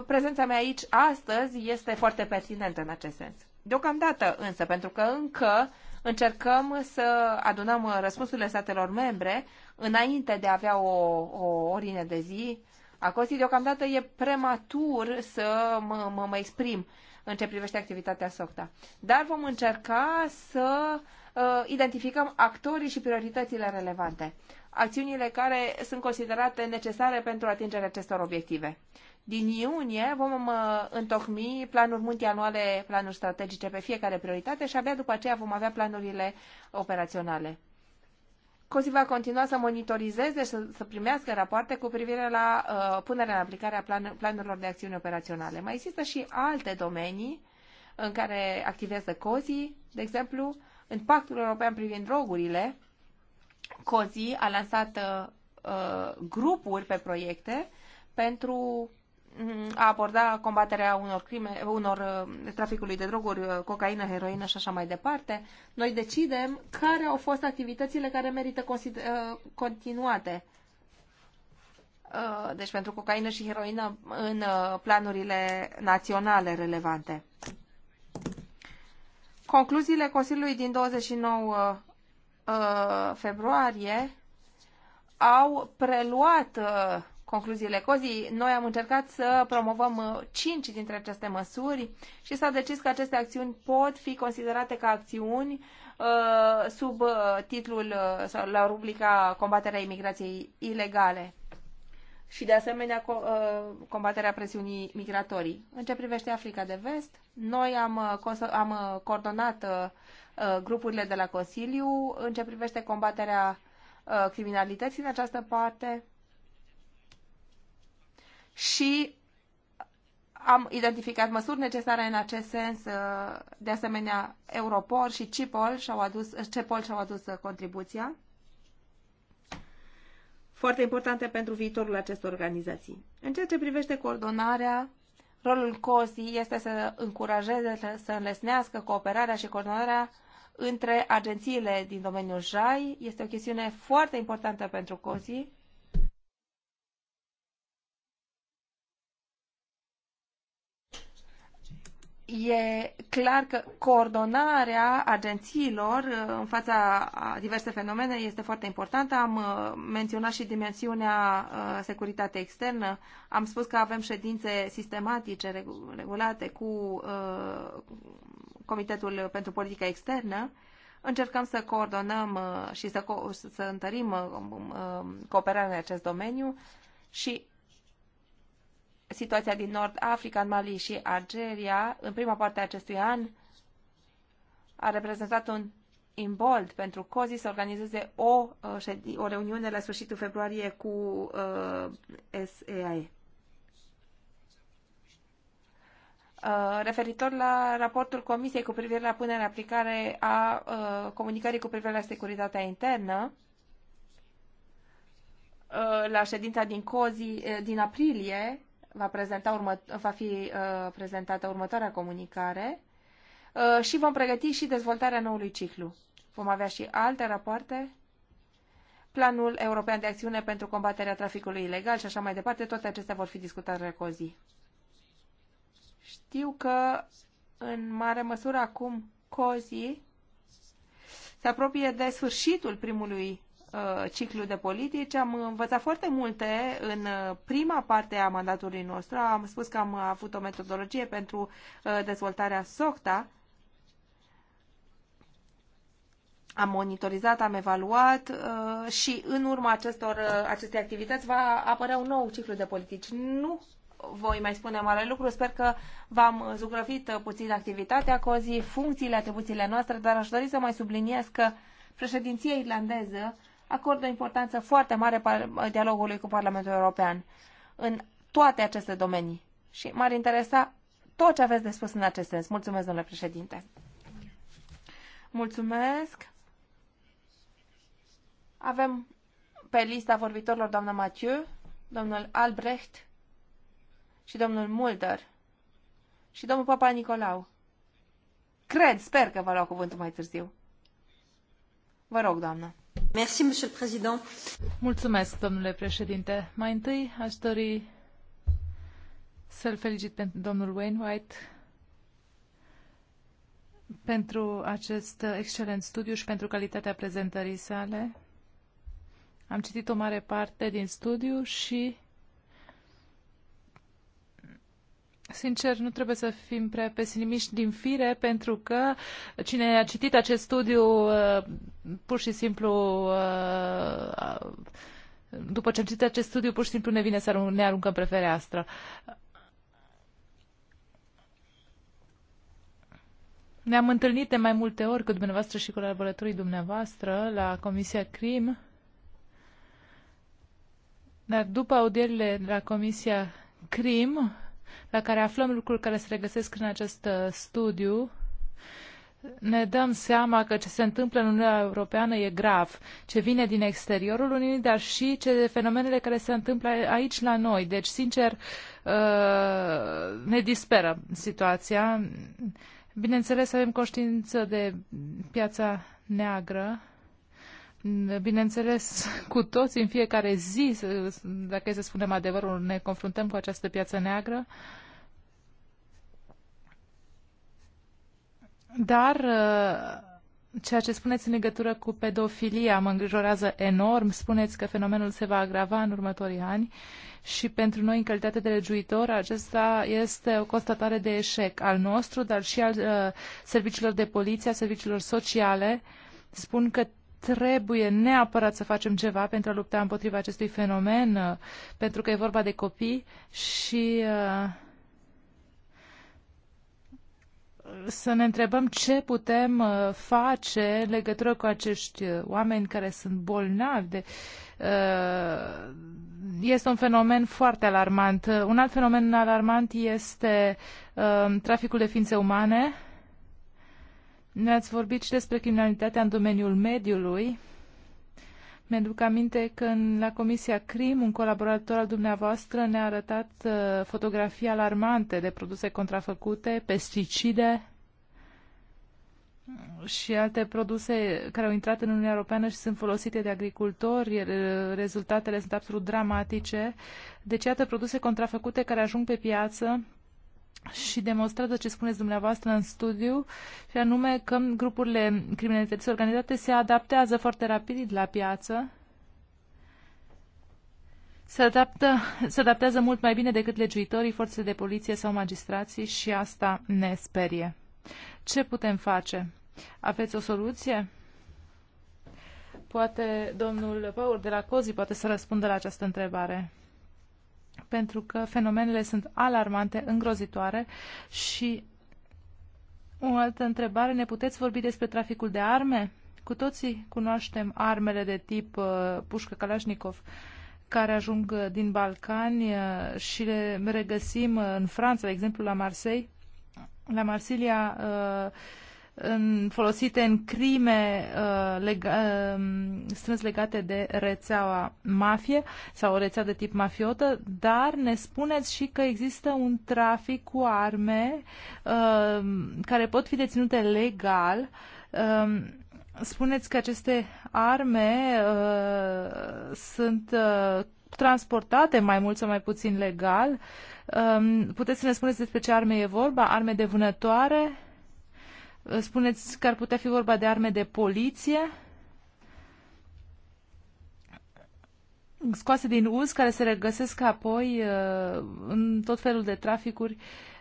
prezența mea aici astăzi este foarte pertinentă în acest sens. Deocamdată însă, pentru că încă încercăm să adunăm răspunsurile statelor membre înainte de a avea o, o ordine de zi a Consiliului, deocamdată e prematur să mă, mă, mă exprim în ce privește activitatea SOCTA. Dar vom încerca să uh, identificăm actorii și prioritățile relevante, acțiunile care sunt considerate necesare pentru atingerea acestor obiective. Din iunie vom uh, întocmi planuri multianuale, planuri strategice pe fiecare prioritate și abia după aceea vom avea planurile operaționale. COSI va continua să monitorizeze și să, să primească rapoarte cu privire la uh, punerea în aplicare a plan, planurilor de acțiune operaționale. Mai există și alte domenii în care activează COSI, de exemplu, în Pactul European privind drogurile, COSI a lansat uh, uh, grupuri pe proiecte pentru a aborda combaterea unor crime, unor uh, traficului de droguri, uh, cocaină, heroină și așa mai departe, noi decidem care au fost activitățile care merită uh, continuate. Deci pentru cocaină și heroină în planurile naționale relevante. Concluziile Consiliului din 29 februarie au preluat concluziile COZI, noi am încercat să promovăm uh, cinci dintre aceste măsuri și s-a decis că aceste acțiuni pot fi considerate ca acțiuni uh, sub uh, titlul sau la rubrica combaterea imigrației ilegale și de asemenea combaterea presiunii migratorii. În ce privește Africa de Vest, noi am, am coordonat grupurile de la Consiliu în ce privește combaterea criminalității în această parte și am identificat măsuri necesare în acest sens. Uh, de asemenea, Europol și Cipol și-au adus, uh, Cepol și-au adus uh, contribuția. Foarte importante pentru viitorul acestor organizații. În ceea ce privește coordonarea, rolul COSI este să încurajeze, să înlesnească cooperarea și coordonarea între agențiile din domeniul JAI. Este o chestiune foarte importantă pentru COSI e clar că coordonarea agențiilor uh, în fața a diverse fenomene este foarte importantă. Am uh, menționat și dimensiunea uh, securitate externă. Am spus că avem ședințe sistematice, regulate cu Comitetul pentru Politica Externă. Încercăm să coordonăm și să, co- să întărim um, cooperarea în acest domeniu și situația din Nord Africa, în Mali și Algeria, în prima parte a acestui an, a reprezentat un imbold pentru COZI să organizeze o, uh, o reuniune la sfârșitul februarie cu uh, SEAE. Uh, referitor la raportul Comisiei cu privire la punerea aplicare a uh, comunicării cu privire la securitatea internă, uh, la ședința din COZI uh, din aprilie, va, prezenta urmă, va fi uh, prezentată următoarea comunicare uh, și vom pregăti și dezvoltarea noului ciclu. Vom avea și alte rapoarte, planul european de acțiune pentru combaterea traficului ilegal și așa mai departe, toate acestea vor fi discutate cu o zi. Știu că în mare măsură acum COZI se apropie de sfârșitul primului Uh, ciclu de politici. Am învățat foarte multe în uh, prima parte a mandatului nostru. Am spus că am avut o metodologie pentru uh, dezvoltarea SOCTA. Am monitorizat, am evaluat și în urma acestor, acestei activități va apărea un nou ciclu de politici. Nu voi mai spune mare lucru. Sper că v-am zugrăvit puțin activitatea COZI, funcțiile, atribuțiile noastre, dar aș dori să mai subliniez că președinția irlandeză acordă importanță foarte mare dialogului cu Parlamentul European în toate aceste domenii. Și m-ar interesa tot ce aveți de spus în acest sens. Mulțumesc, domnule președinte. Mulțumesc. Avem pe lista vorbitorilor doamna Mathieu, domnul Albrecht și domnul Mulder și domnul Papa Nicolau. Cred, sper că va lua cuvântul mai târziu. Vă rog, doamnă.
Mulțumesc, domnule președinte. Mai întâi aș dori să îl felicit pe domnul Wainwright pentru acest excelent studiu și pentru calitatea prezentării sale. Am citit o mare parte din studiu și Sincer, nu trebuie să fim prea pesimiști din fire, pentru că cine a citit acest studiu, uh, pur și simplu, uh, după ce a citit acest studiu, pur și simplu ne vine să ne aruncăm pe fereastră. Ne-am întâlnit de mai multe ori cu dumneavoastră și cu laboratorii dumneavoastră la Comisia CRIM, dar după audierile la Comisia CRIM, la care aflăm lucruri care se regăsesc în acest uh, studiu, ne dăm seama că ce se întâmplă în Uniunea Europeană e grav, ce vine din exteriorul Uniunii, dar și ce fenomenele care se întâmplă aici la noi. Deci, sincer, uh, ne disperă situația. Bineînțeles, avem conștiință de piața neagră, Bineînțeles, cu toți în fiecare zi, dacă e să spunem adevărul, ne confruntăm cu această piață neagră. Dar uh, ceea ce spuneți în legătură cu pedofilia mă îngrijorează enorm. Spuneți că fenomenul se va agrava în următorii ani și pentru noi, în calitate de legiuitor, acesta este o constatare de eșec al nostru, dar și al uh, serviciilor de poliție, a serviciilor sociale. Spun că trebuie neapărat să facem ceva pentru a lupta împotriva acestui fenomen, uh, pentru că e vorba de copii și uh, să ne întrebăm ce putem uh, face în legătură cu acești oameni care sunt bolnavi de este un fenomen foarte alarmant. Un alt fenomen alarmant este traficul de ființe umane, ne-ați vorbit și despre criminalitatea în domeniul mediului. Mi-aduc aminte că în, la Comisia CRIM, un colaborator al dumneavoastră ne-a arătat uh, fotografii alarmante de produse contrafăcute, pesticide și alte produse care au intrat în Uniunea Europeană și sunt folosite de agricultori. Rezultatele sunt absolut dramatice. Deci, iată produse contrafăcute care ajung pe piață și demonstrează ce spuneți dumneavoastră în studiu, și anume că grupurile criminalității organizate se adaptează foarte rapid la piață, se, adaptă, se adaptează mult mai bine decât legiuitorii, forțele de poliție sau magistrații și asta ne sperie. Ce putem face? Aveți o soluție? Poate domnul Paul de la Cozi poate să răspundă la această întrebare pentru că fenomenele sunt alarmante, îngrozitoare și o altă întrebare, ne puteți vorbi despre traficul de arme? Cu toții cunoaștem armele de tip uh, pușcă Kalashnikov care ajung uh, din Balcani uh, și le regăsim uh, în Franța, de exemplu la Marseille. La Marsilia uh, în, folosite în crime uh, lega, uh, strâns legate de rețeaua mafie sau o rețea de tip mafiotă, dar ne spuneți și că există un trafic cu arme uh, care pot fi deținute legal. Uh, spuneți că aceste arme uh, sunt uh, transportate mai mult sau mai puțin legal. Uh, puteți să ne spuneți despre ce arme e vorba? Arme de vânătoare? Uh, Spuneți că ar putea fi vorba de arme de poliție scoase din uz, care se regăsesc apoi uh, în tot felul de traficuri.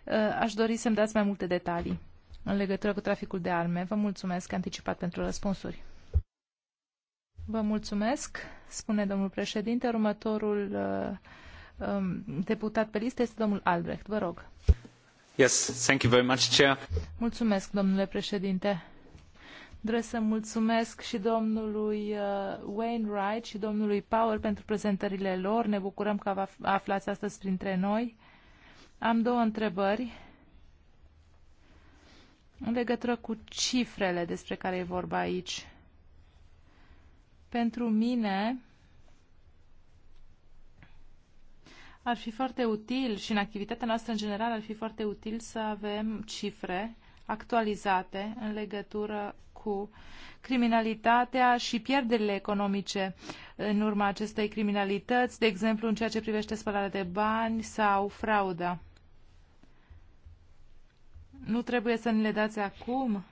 Uh, aș dori să-mi dați mai multe detalii în legătură cu traficul de arme. Vă mulțumesc anticipat pentru răspunsuri. Vă mulțumesc, spune domnul președinte. Următorul uh, um, deputat pe listă este domnul Albrecht. Vă rog. Mulțumesc, domnule președinte. Doresc să mulțumesc și domnului uh, Wainwright și domnului Power pentru prezentările lor. Ne bucurăm că vă aflați astăzi printre noi. Am două întrebări în legătură cu cifrele despre care e vorba aici. Pentru mine, Ar fi foarte util și în activitatea noastră în general ar fi foarte util să avem cifre actualizate în legătură cu criminalitatea și pierderile economice în urma acestei criminalități, de exemplu în ceea ce privește spălarea de bani sau frauda. Nu trebuie să ne le dați acum,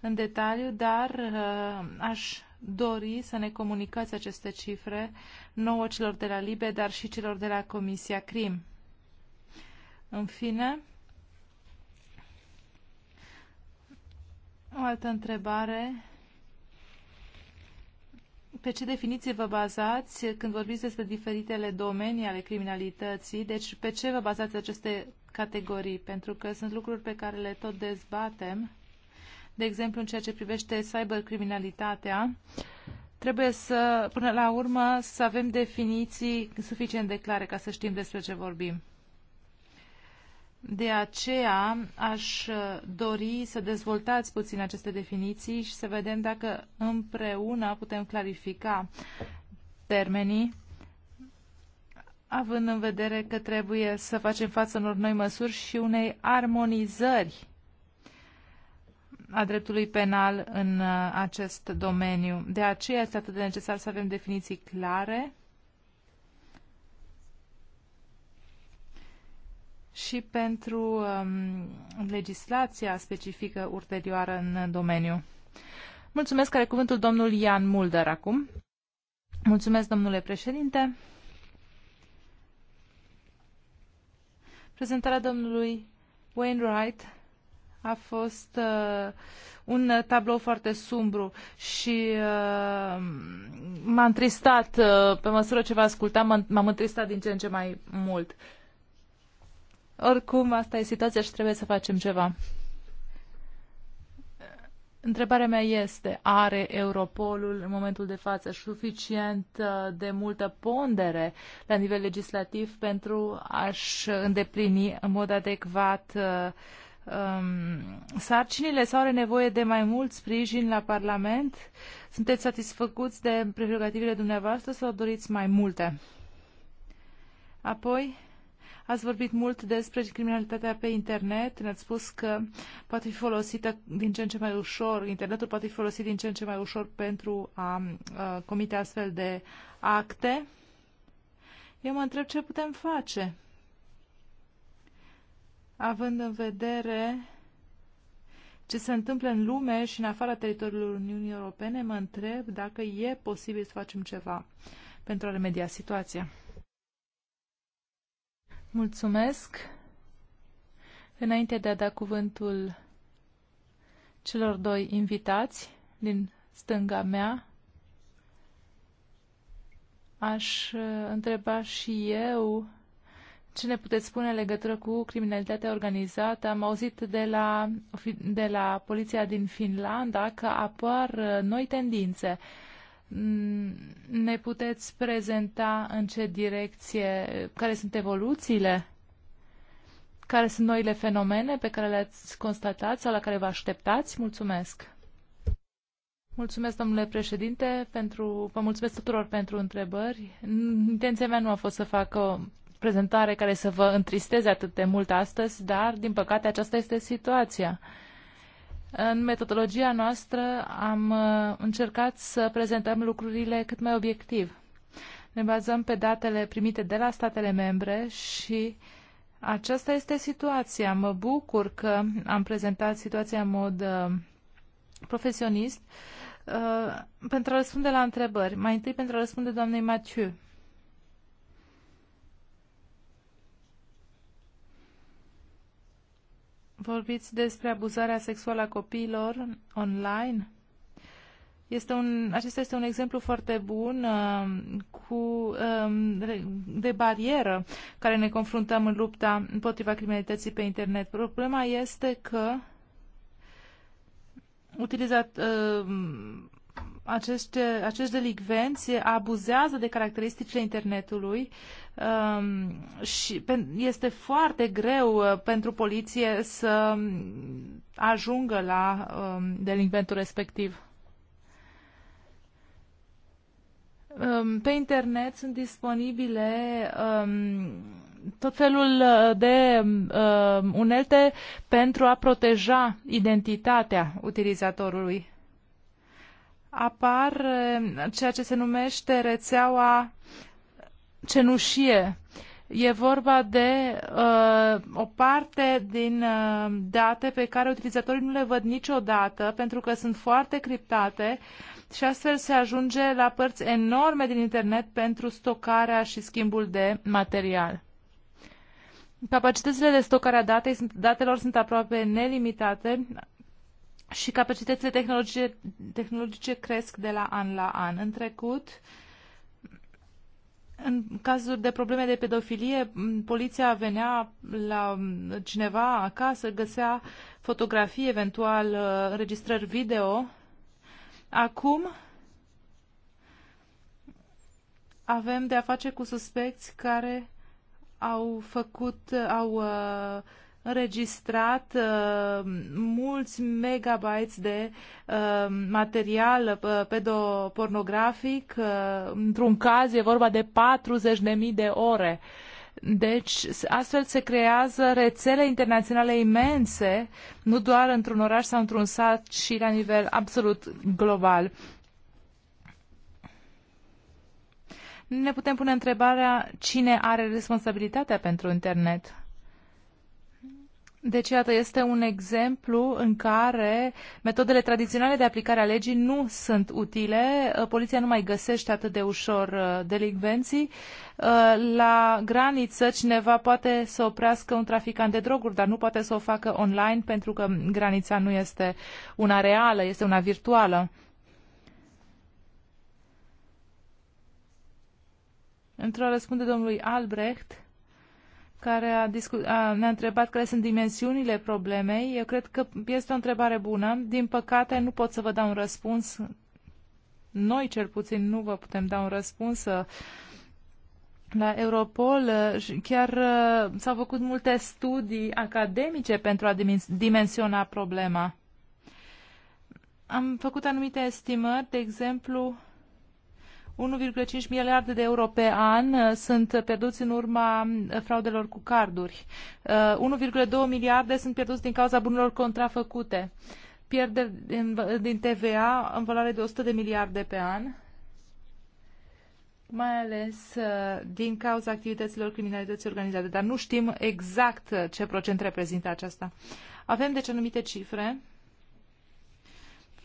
în detaliu, dar uh, aș dori să ne comunicați aceste cifre nouă celor de la LIBE, dar și celor de la Comisia CRIM. În fine, o altă întrebare. Pe ce definiție vă bazați când vorbiți despre diferitele domenii ale criminalității? Deci pe ce vă bazați aceste categorii? Pentru că sunt lucruri pe care le tot dezbatem de exemplu în ceea ce privește cybercriminalitatea, trebuie să, până la urmă, să avem definiții suficient de clare ca să știm despre ce vorbim. De aceea aș uh, dori să dezvoltați puțin aceste definiții și să vedem dacă împreună putem clarifica termenii, având în vedere că trebuie să facem față unor noi măsuri și unei armonizări a dreptului penal în uh, acest domeniu. De aceea este atât de necesar să avem definiții clare și pentru um, legislația specifică ulterioară în domeniu. Mulțumesc, care cuvântul domnul Ian Mulder acum. Mulțumesc, domnule președinte. Prezentarea domnului Wainwright a fost uh, un tablou foarte sumbru și uh, m-a întristat, uh, pe măsură ce vă ascultam, m-am întristat din ce în ce mai mult. Oricum, asta e situația și trebuie să facem ceva. Întrebarea mea este, are Europolul în momentul de față suficient uh, de multă pondere la nivel legislativ pentru a-și îndeplini în mod adecvat uh, um, sarcinile sau are nevoie de mai mult sprijin la Parlament? Sunteți satisfăcuți de prerogativele dumneavoastră sau doriți mai multe? Apoi, Ați vorbit mult despre criminalitatea pe internet, ne-ați spus că poate fi folosită din ce în ce mai ușor, internetul poate fi folosit din ce în ce mai ușor pentru a, a uh, comite astfel de acte. Eu mă întreb ce putem face având în vedere ce se întâmplă în lume și în afara teritoriului Uniunii Europene, mă întreb dacă e posibil să facem ceva pentru a remedia situația. Mulțumesc. Înainte de a da cuvântul celor doi invitați din stânga mea, aș uh, întreba și eu ce ne puteți spune în legătură cu criminalitatea organizată? Am auzit de la, de la poliția din Finlanda că apar uh, noi tendințe. Mm, ne puteți prezenta în ce direcție, care sunt evoluțiile, care sunt noile fenomene pe care le-ați constatat sau la care vă așteptați? Mulțumesc! Mulțumesc, domnule președinte, pentru, vă mulțumesc tuturor pentru întrebări. Intenția mea nu a fost să fac o prezentare care să vă întristeze atât de mult astăzi, dar, din păcate, aceasta este situația. În metodologia noastră am uh, încercat să prezentăm lucrurile cât mai obiectiv. Ne bazăm pe datele primite de la statele membre și aceasta este situația. Mă bucur că am prezentat situația în mod uh, profesionist uh, pentru a răspunde la întrebări. Mai întâi pentru a răspunde doamnei Mathieu. Vorbiți despre abuzarea sexuală a copiilor online? Este un, acesta este un exemplu foarte bun uh, cu, uh, de barieră care ne confruntăm în lupta împotriva criminalității pe internet. Problema este că utilizat, uh, acești, acești delicvenți abuzează de caracteristicile internetului um, și este foarte greu uh, pentru poliție să ajungă la um, delinventul respectiv. Um, pe internet sunt disponibile um, tot felul uh, de um, unelte pentru a proteja identitatea utilizatorului apar eh, ceea ce se numește rețeaua cenușie. E vorba de uh, o parte din uh, date pe care utilizatorii nu le văd niciodată pentru că sunt foarte criptate și astfel se ajunge la părți enorme din internet pentru stocarea și schimbul de material. Capacitățile de stocare a datei, datelor sunt aproape nelimitate, și capacitățile tehnologice, tehnologice cresc de la an la an. În trecut, în cazuri de probleme de pedofilie, poliția venea la cineva acasă, găsea fotografii, eventual înregistrări uh, video. Acum avem de a face cu suspecți care au făcut, au uh, înregistrat uh, mulți megabytes de uh, material uh, pedopornografic. într-un caz e vorba de 40.000 de ore. Deci, astfel se creează rețele internaționale imense, nu doar într-un oraș sau într-un sat, ci la nivel absolut global. Ne putem pune întrebarea cine are responsabilitatea pentru internet deci, iată, este un exemplu în care metodele tradiționale de aplicare a legii nu sunt utile. Uh, poliția nu mai găsește atât de ușor uh, delinvenții. Uh, la graniță cineva poate să oprească un traficant de droguri, dar nu poate să o facă online pentru că granița nu este una reală, este una virtuală. Într-o răspunde domnului Albrecht care a, a ne-a întrebat care sunt dimensiunile problemei. Eu cred că este o întrebare bună. Din păcate, nu pot să vă dau un răspuns. Noi, cel puțin, nu vă putem da un răspuns uh, la Europol. Uh, chiar uh, s-au făcut multe studii academice pentru a dimensiona problema. Am făcut anumite estimări, de exemplu, 1,5 miliarde de euro pe an uh, sunt pierduți în urma uh, fraudelor cu carduri. 1,2 uh, miliarde sunt pierduți din cauza bunurilor contrafăcute. Pierderi din TVA în valoare de 100 de miliarde pe an mai ales din cauza activităților criminalității organizate, dar nu știm exact ce procent reprezintă aceasta. Avem deci anumite cifre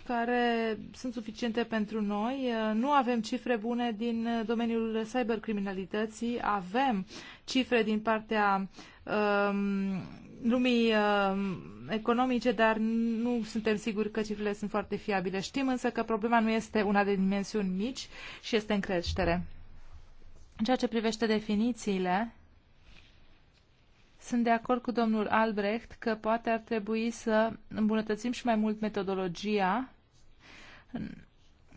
care sunt suficiente pentru noi. Uh, nu avem cifre bune din uh, domeniul cybercriminalității, avem cifre din partea um, lumii um, economice, dar nu suntem siguri că cifrele sunt foarte fiabile. Știm însă că problema nu este una de dimensiuni mici și este în creștere. În ceea ce privește definițiile, sunt de acord cu domnul Albrecht că poate ar trebui să îmbunătățim și mai mult metodologia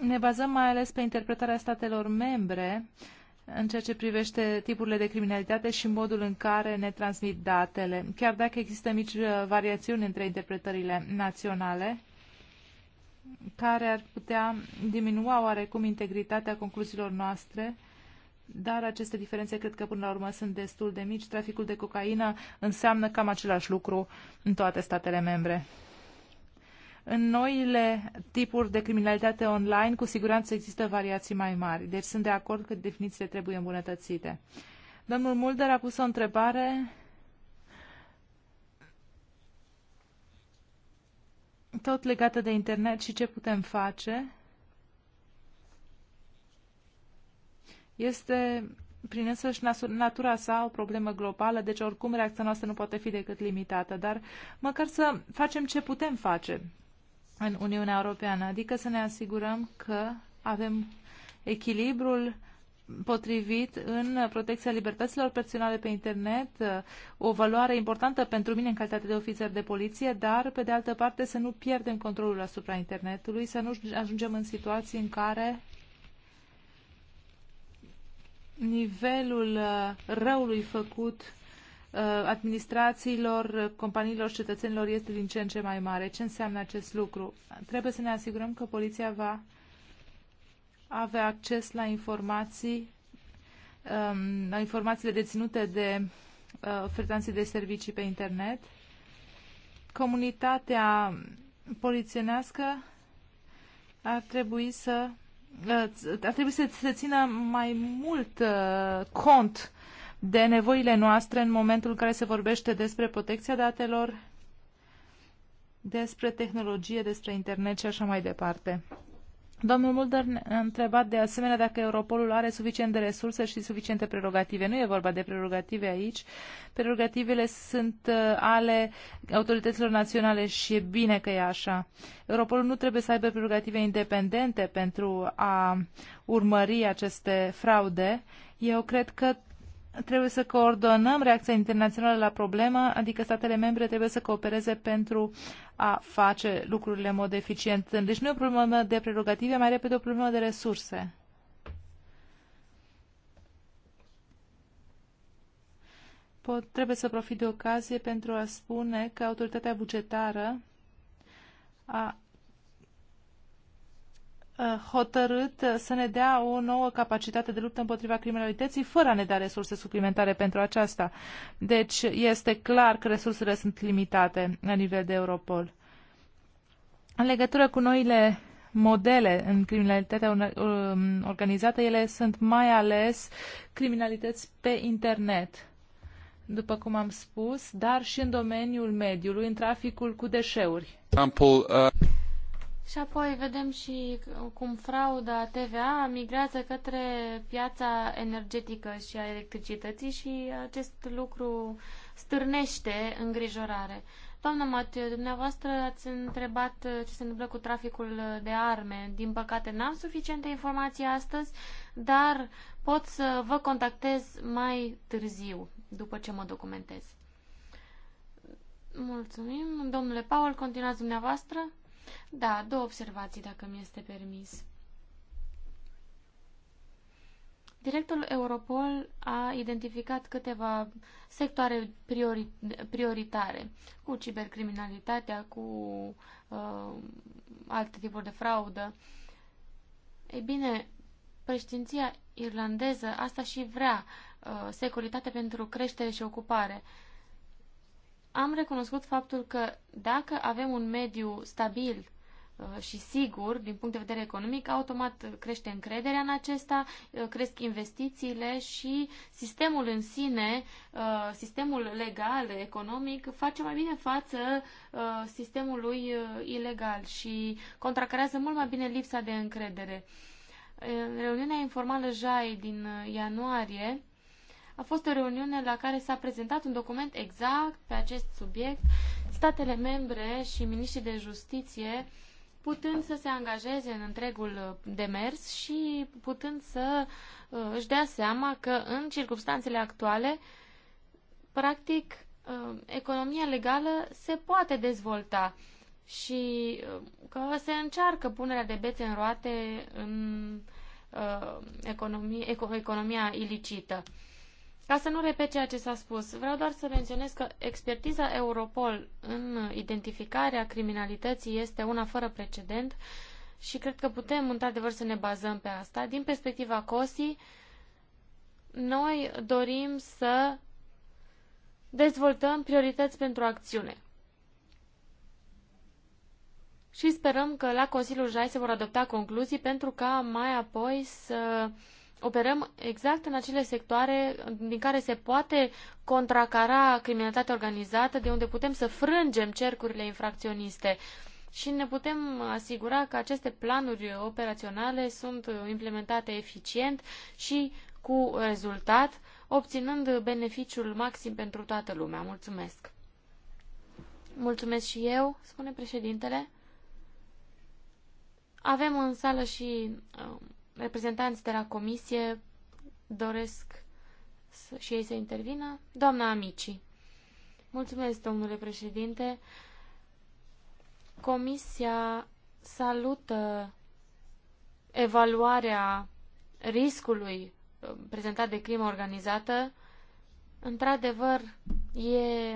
ne bazăm mai ales pe interpretarea statelor membre în ceea ce privește tipurile de criminalitate și modul în care ne transmit datele, chiar dacă există mici uh, variațiuni între interpretările naționale care ar putea diminua oarecum integritatea concluziilor noastre, dar aceste diferențe cred că până la urmă sunt destul de mici. Traficul de cocaină înseamnă cam același lucru în toate statele membre. În noile tipuri de criminalitate online, cu siguranță există variații mai mari, deci sunt de acord că definițiile trebuie îmbunătățite. Domnul Mulder a pus o întrebare tot legată de internet și ce putem face. Este prin însăși natura sa o problemă globală, deci oricum reacția noastră nu poate fi decât limitată, dar măcar să facem ce putem face în Uniunea Europeană, adică să ne asigurăm că avem echilibrul potrivit în protecția libertăților personale pe internet, o valoare importantă pentru mine în calitate de ofițer de poliție, dar, pe de altă parte, să nu pierdem controlul asupra internetului, să nu ajungem în situații în care nivelul uh, răului făcut Uh, administrațiilor, companiilor, cetățenilor este din ce în ce mai mare. Ce înseamnă acest lucru? Trebuie să ne asigurăm că poliția va avea acces la informații, um, la informațiile deținute de uh, ofertanții de servicii pe internet. Comunitatea polițienească ar trebui să uh, ar trebui să se țină mai mult cont de nevoile noastre în momentul în care se vorbește despre protecția datelor, despre tehnologie, despre internet și așa mai departe. Domnul Mulder a întrebat de asemenea dacă Europolul are suficient de resurse și suficiente prerogative. Nu e vorba de prerogative aici. Prerogativele sunt uh, ale autorităților naționale și e bine că e așa. Europolul nu trebuie să aibă prerogative independente pentru a urmări aceste fraude. Eu cred că trebuie să coordonăm reacția internațională la problemă, adică statele membre trebuie să coopereze pentru a face lucrurile în mod eficient. Deci nu e o problemă de prerogative, mai repede o problemă de resurse. Pot, trebuie să profit de ocazie pentru a spune că autoritatea bugetară a Uh, hotărât să ne dea o nouă capacitate de luptă împotriva criminalității fără a ne da resurse suplimentare pentru aceasta. Deci este clar că resursele sunt limitate la nivel de Europol. În legătură cu noile modele în criminalitatea um, organizată, ele sunt mai ales criminalități pe internet după cum am spus, dar și în domeniul mediului, în traficul cu deșeuri.
Example, uh... Și apoi vedem și cum frauda TVA migrează către piața energetică și a electricității și acest lucru stârnește îngrijorare. Doamna Matiu, dumneavoastră ați întrebat ce se întâmplă cu traficul de arme. Din păcate n-am suficiente informații astăzi, dar pot să vă contactez mai târziu, după ce mă documentez. Mulțumim. Domnule Paul, continuați dumneavoastră. Da, două observații, dacă mi este permis. Directorul Europol a identificat câteva sectoare priori, prioritare cu cibercriminalitatea, cu uh, alte tipuri de fraudă. Ei bine, președinția irlandeză asta și vrea, uh, securitate pentru creștere și ocupare am recunoscut faptul că dacă avem un mediu stabil uh, și sigur din punct de vedere economic, automat crește încrederea în acesta, uh, cresc investițiile și sistemul în sine, uh, sistemul legal, economic, face mai bine față sistemului ilegal și contracarează mult mai bine lipsa de încredere. Reuniunea informală JAI din ianuarie a fost o reuniune la care s-a prezentat un document exact pe acest subiect, statele membre și miniștrii de justiție putând să se angajeze în întregul uh, demers și putând să uh, își dea seama că în circunstanțele actuale, practic, uh, economia legală se poate dezvolta și că se încearcă punerea de bețe în roate în economie, economia ilicită. Ca să nu repet ceea ce s-a spus, vreau doar să menționez că expertiza Europol în identificarea criminalității este una fără precedent și cred că putem într-adevăr să ne bazăm pe asta. Din perspectiva COSI, noi dorim să dezvoltăm priorități pentru acțiune. Și sperăm că la Consiliul Jai se vor adopta concluzii pentru ca mai apoi să operăm exact în acele sectoare din care se poate contracara criminalitatea organizată, de unde putem să frângem cercurile infracționiste și ne putem asigura că aceste planuri operaționale sunt implementate eficient și cu rezultat, obținând beneficiul maxim pentru toată lumea. Mulțumesc! Mulțumesc și eu, spune președintele. Avem în sală și um, reprezentanți de la comisie doresc să, și ei să intervină. Doamna Amici. Mulțumesc, domnule președinte. Comisia salută evaluarea riscului um, prezentat de crimă organizată. Într-adevăr, e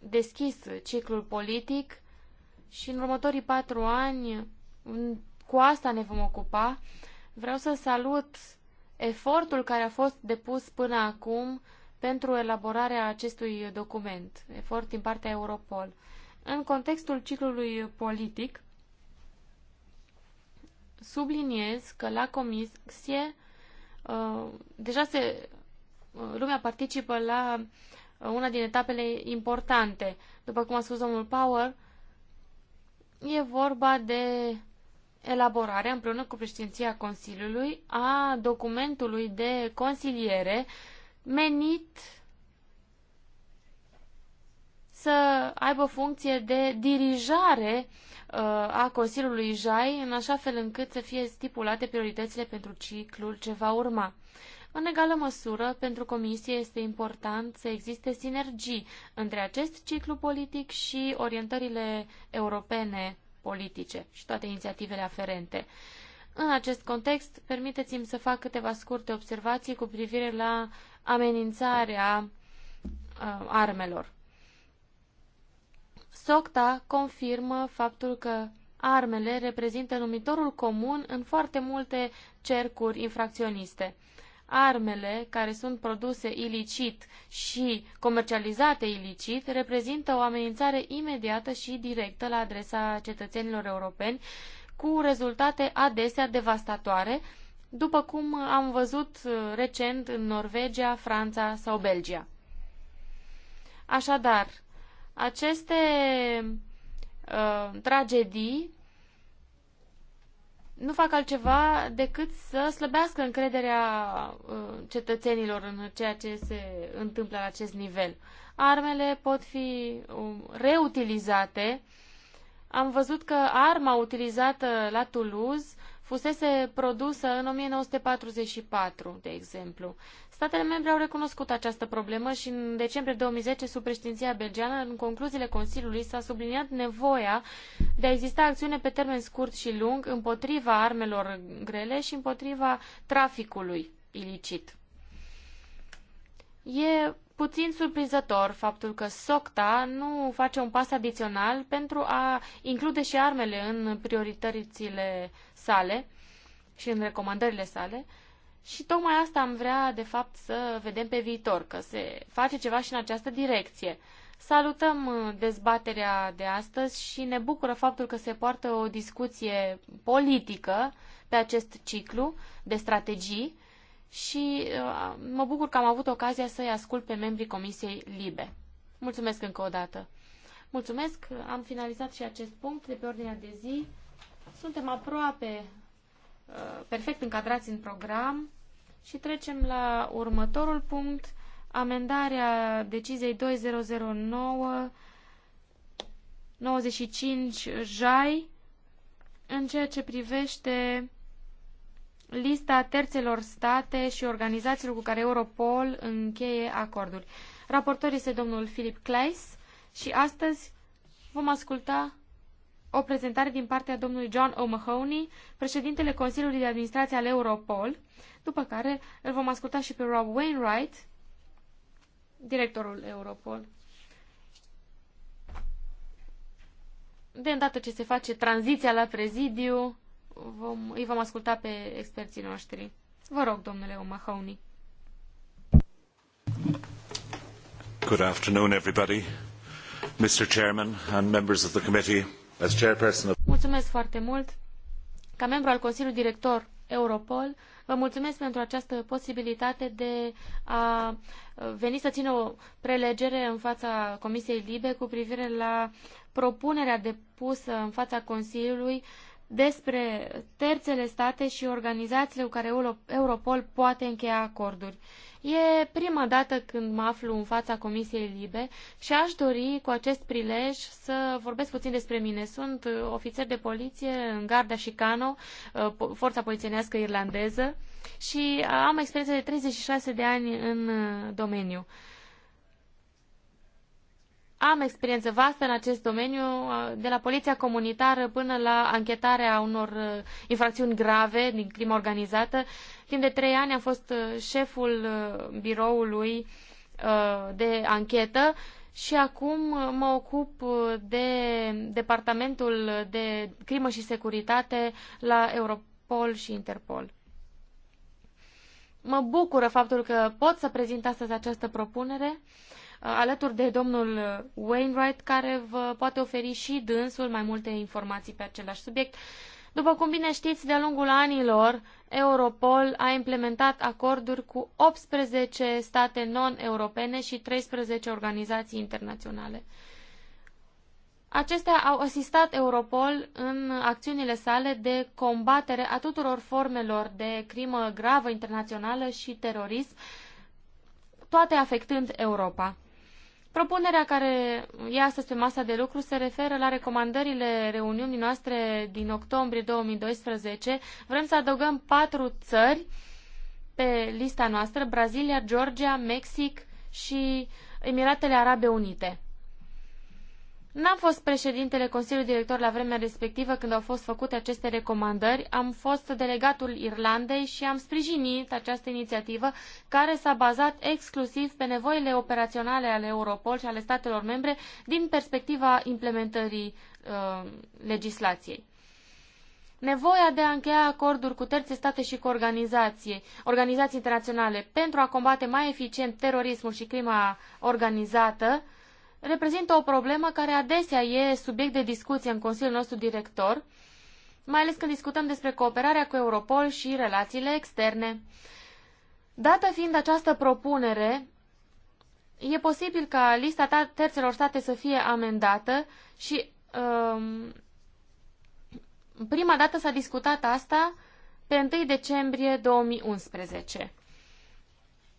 deschis ciclul politic și în următorii patru ani cu asta ne vom ocupa. Vreau să salut efortul care a fost depus până acum pentru elaborarea acestui document, efort din partea Europol. În contextul ciclului politic, subliniez că la comisie uh, deja se, uh, lumea participă la uh, una din etapele importante. După cum a spus domnul Power, e vorba de elaborarea împreună cu președinția Consiliului a documentului de consiliere menit să aibă funcție de dirijare uh, a Consiliului JAI în așa fel încât să fie stipulate prioritățile pentru ciclul ce va urma. În egală măsură, pentru Comisie este important să existe sinergii între acest ciclu politic și orientările europene politice și toate inițiativele aferente. În acest context, permiteți-mi să fac câteva scurte observații cu privire la amenințarea uh, armelor. SOCTA confirmă faptul că armele reprezintă numitorul comun în foarte multe cercuri infracționiste armele care sunt produse ilicit și comercializate ilicit reprezintă o amenințare imediată și directă la adresa cetățenilor europeni, cu rezultate adesea devastatoare, după cum am văzut uh, recent în Norvegia, Franța sau Belgia. Așadar, aceste uh, tragedii nu fac altceva decât să slăbească încrederea uh, cetățenilor în ceea ce se întâmplă la acest nivel. Armele pot fi um, reutilizate. Am văzut că arma utilizată la Toulouse fusese produsă în 1944, de exemplu. Statele membre au recunoscut această problemă și în decembrie 2010, sub președinția belgeană, în concluziile Consiliului s-a subliniat nevoia de a exista acțiune pe termen scurt și lung împotriva armelor grele și împotriva traficului ilicit. E puțin surprinzător faptul că SOCTA nu face un pas adițional pentru a include și armele în prioritățile sale și în recomandările sale, și tocmai asta am vrea, de fapt, să vedem pe viitor, că se face ceva și în această direcție. Salutăm uh, dezbaterea de astăzi și ne bucură faptul că se poartă o discuție politică pe acest ciclu de strategii și uh, mă bucur că am avut ocazia să-i ascult pe membrii Comisiei Libe. Mulțumesc încă o dată. Mulțumesc, am finalizat și acest punct de pe ordinea de zi. Suntem aproape Uh, perfect încadrați în program și trecem la următorul punct, amendarea deciziei 2009 95 JAI în ceea ce privește lista terțelor state și organizațiilor cu care Europol încheie acorduri. Raportor este domnul Filip Kleis și astăzi vom asculta o prezentare din partea domnului John O'Mahony, președintele Consiliului de Administrație al Europol, după care îl vom asculta și pe Rob Wainwright, directorul Europol. De îndată ce se face tranziția la prezidiu, vom, îi vom asculta pe experții noștri. Vă rog, domnule O'Mahony.
Good afternoon, everybody. Mr. Chairman and members of the committee.
Mulțumesc foarte mult. Ca membru al Consiliului Director Europol, vă mulțumesc pentru această posibilitate de a veni să țin o prelegere în fața Comisiei Libe cu privire la propunerea depusă în fața Consiliului uh, despre terțele state și organizațiile cu care Europol poate încheia acorduri. E prima dată când mă aflu în fața Comisiei Libe și aș dori cu acest prilej să vorbesc puțin despre mine. Sunt uh, ofițer de poliție în Garda Chicano, uh, forța polițienească irlandeză și am experiență de 36 de ani în uh, domeniu. Uh, am experiență vastă în acest domeniu, uh, de la poliția comunitară până la anchetarea unor uh, infracțiuni grave din crimă organizată. Timp de trei ani am fost uh, șeful biroului de anchetă și acum mă ocup de departamentul de crimă și securitate la Europol și Interpol. Mă bucură faptul că pot să prezint astăzi această propunere alături de domnul Wainwright, care vă poate oferi și dânsul mai multe informații pe același subiect. După cum bine știți, de-a lungul anilor, Europol a implementat acorduri cu 18 state non-europene și 13 organizații internaționale. Acestea au asistat Europol în acțiunile sale de combatere a tuturor formelor de crimă gravă internațională și terorism, toate afectând Europa. Propunerea care e astăzi pe masa de lucru se referă la recomandările reuniunii noastre din octombrie 2012. Vrem să adăugăm patru țări pe lista noastră, Brazilia, Georgia, Mexic și Emiratele Arabe Unite. N-am fost președintele Consiliului Director la vremea respectivă când au fost făcute aceste recomandări. Am fost delegatul Irlandei și am sprijinit această inițiativă care s-a bazat exclusiv pe nevoile operaționale ale Europol și ale statelor membre din perspectiva implementării uh, legislației. Nevoia de a încheia acorduri cu terțe state și cu organizații, organizații internaționale pentru a combate mai eficient terorismul și crima organizată uh, reprezintă o problemă care adesea e subiect de discuție în Consiliul nostru director, mai ales când discutăm despre cooperarea cu Europol și relațiile externe. Dată fiind această propunere, e posibil ca lista ta terțelor state să fie amendată și um, prima dată s-a discutat asta pe 1 decembrie 2011.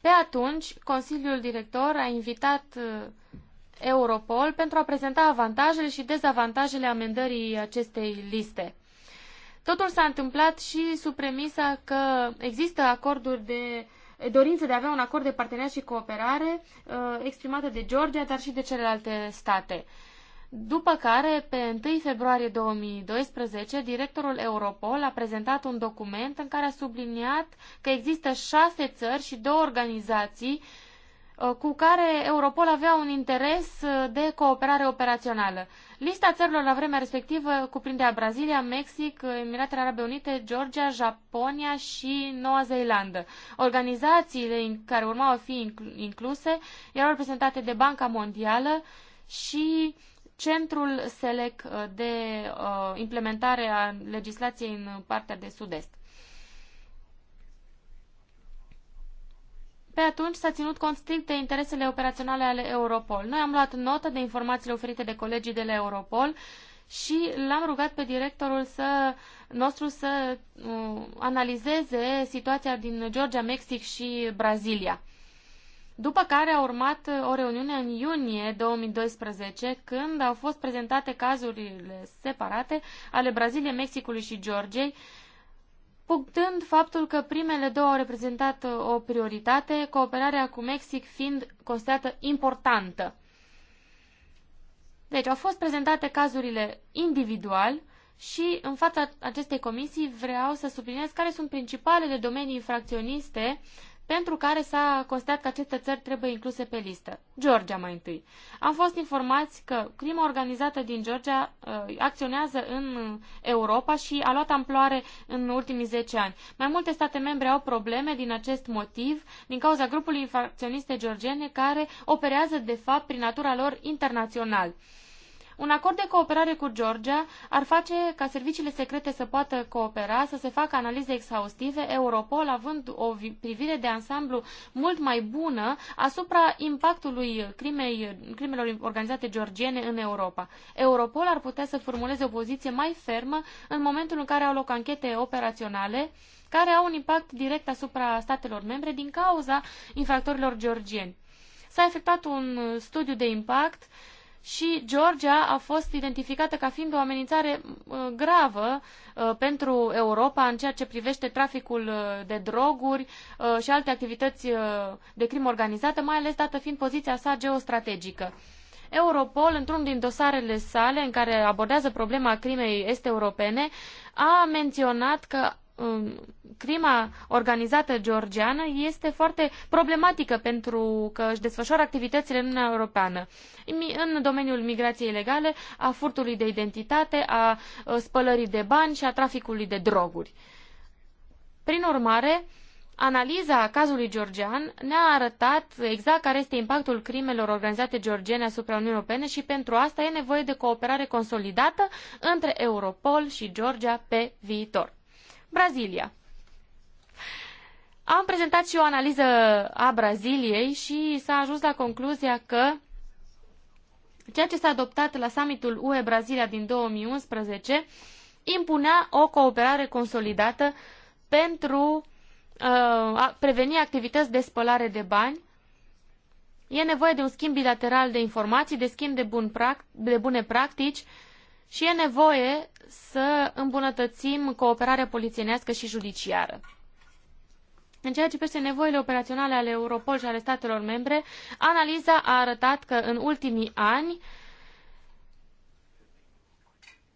Pe atunci, Consiliul Director a invitat uh, Europol pentru a prezenta avantajele și dezavantajele amendării acestei liste. Totul s-a întâmplat și sub premisa că există acorduri de dorință de a avea un acord de parteneriat și cooperare uh, exprimată de Georgia, dar și de celelalte state. După care, pe 1 februarie 2012, directorul Europol a prezentat un document în care a subliniat că există șase țări și două organizații uh, Uh, cu care Europol avea un interes uh, de cooperare operațională. Lista țărilor la vremea respectivă cuprindea Brazilia, Mexic, Emiratele Arabe Unite, Georgia, Japonia și Noua Zeelandă. Organizațiile care urmau a fi incluse erau reprezentate de Banca Mondială și Centrul SELEC uh, de implementare a legislației în partea de sud-est. Pe atunci s-a ținut cont strict de interesele operaționale ale Europol. Noi am luat notă de informațiile oferite de colegii de la Europol și l-am rugat pe directorul să, nostru să uh, analizeze situația din Georgia, Mexic și Brazilia. După care a urmat o reuniune în iunie 2012, când au fost prezentate cazurile separate ale Braziliei, Mexicului și Georgiei punctând faptul că primele două au reprezentat uh, o prioritate, cooperarea cu Mexic fiind considerată importantă. Deci au fost prezentate cazurile individual și în fața acestei comisii vreau să subliniez care sunt principalele domenii infracționiste uh, pentru care s-a constat că aceste țări trebuie incluse pe listă. Georgia mai întâi. Am fost informați că crima organizată din Georgia uh, acționează în Europa și a luat amploare în ultimii 10 ani. Mai multe state membre au probleme din acest motiv, din cauza grupului infracționiste georgiene care operează de fapt prin natura lor internațional. Un acord de cooperare cu Georgia ar face ca serviciile secrete să poată coopera, să se facă analize exhaustive, Europol având o privire de ansamblu mult mai bună asupra impactului crimei, crimelor organizate georgiene în Europa. Europol ar putea să formuleze o poziție mai fermă în momentul în care au loc anchete operaționale care au un impact direct asupra statelor membre din cauza infractorilor georgieni. S-a efectuat un studiu de impact uh, și Georgia a fost identificată ca fiind o amenințare uh, gravă uh, pentru Europa în ceea ce privește traficul uh, de droguri și alte activități de crimă organizată, mai ales dată fiind poziția sa geostrategică. Europol, într-unul din dosarele sale în care abordează problema crimei este europene a menționat că Um, crima organizată georgiană este foarte problematică pentru că își desfășoară activitățile în Uniunea Europeană. În domeniul migrației ilegale, a furtului de identitate, a uh, spălării de bani și a traficului de droguri. Prin urmare, analiza cazului georgian ne-a arătat exact care este impactul crimelor organizate georgiene asupra Uniunii Europene și pentru asta e nevoie de cooperare consolidată între Europol și Georgia pe viitor. Brazilia. Am prezentat și o analiză a Braziliei și s-a ajuns la concluzia că ceea ce s-a adoptat la summitul UE-Brazilia din 2011 impunea o cooperare consolidată pentru uh, a preveni activități de spălare de bani. E nevoie de un schimb bilateral de informații, de schimb de, bun pract- de bune practici și e nevoie să îmbunătățim cooperarea polițienească și judiciară. În ceea ce privește nevoile operaționale ale Europol și ale statelor membre, analiza a arătat că în ultimii ani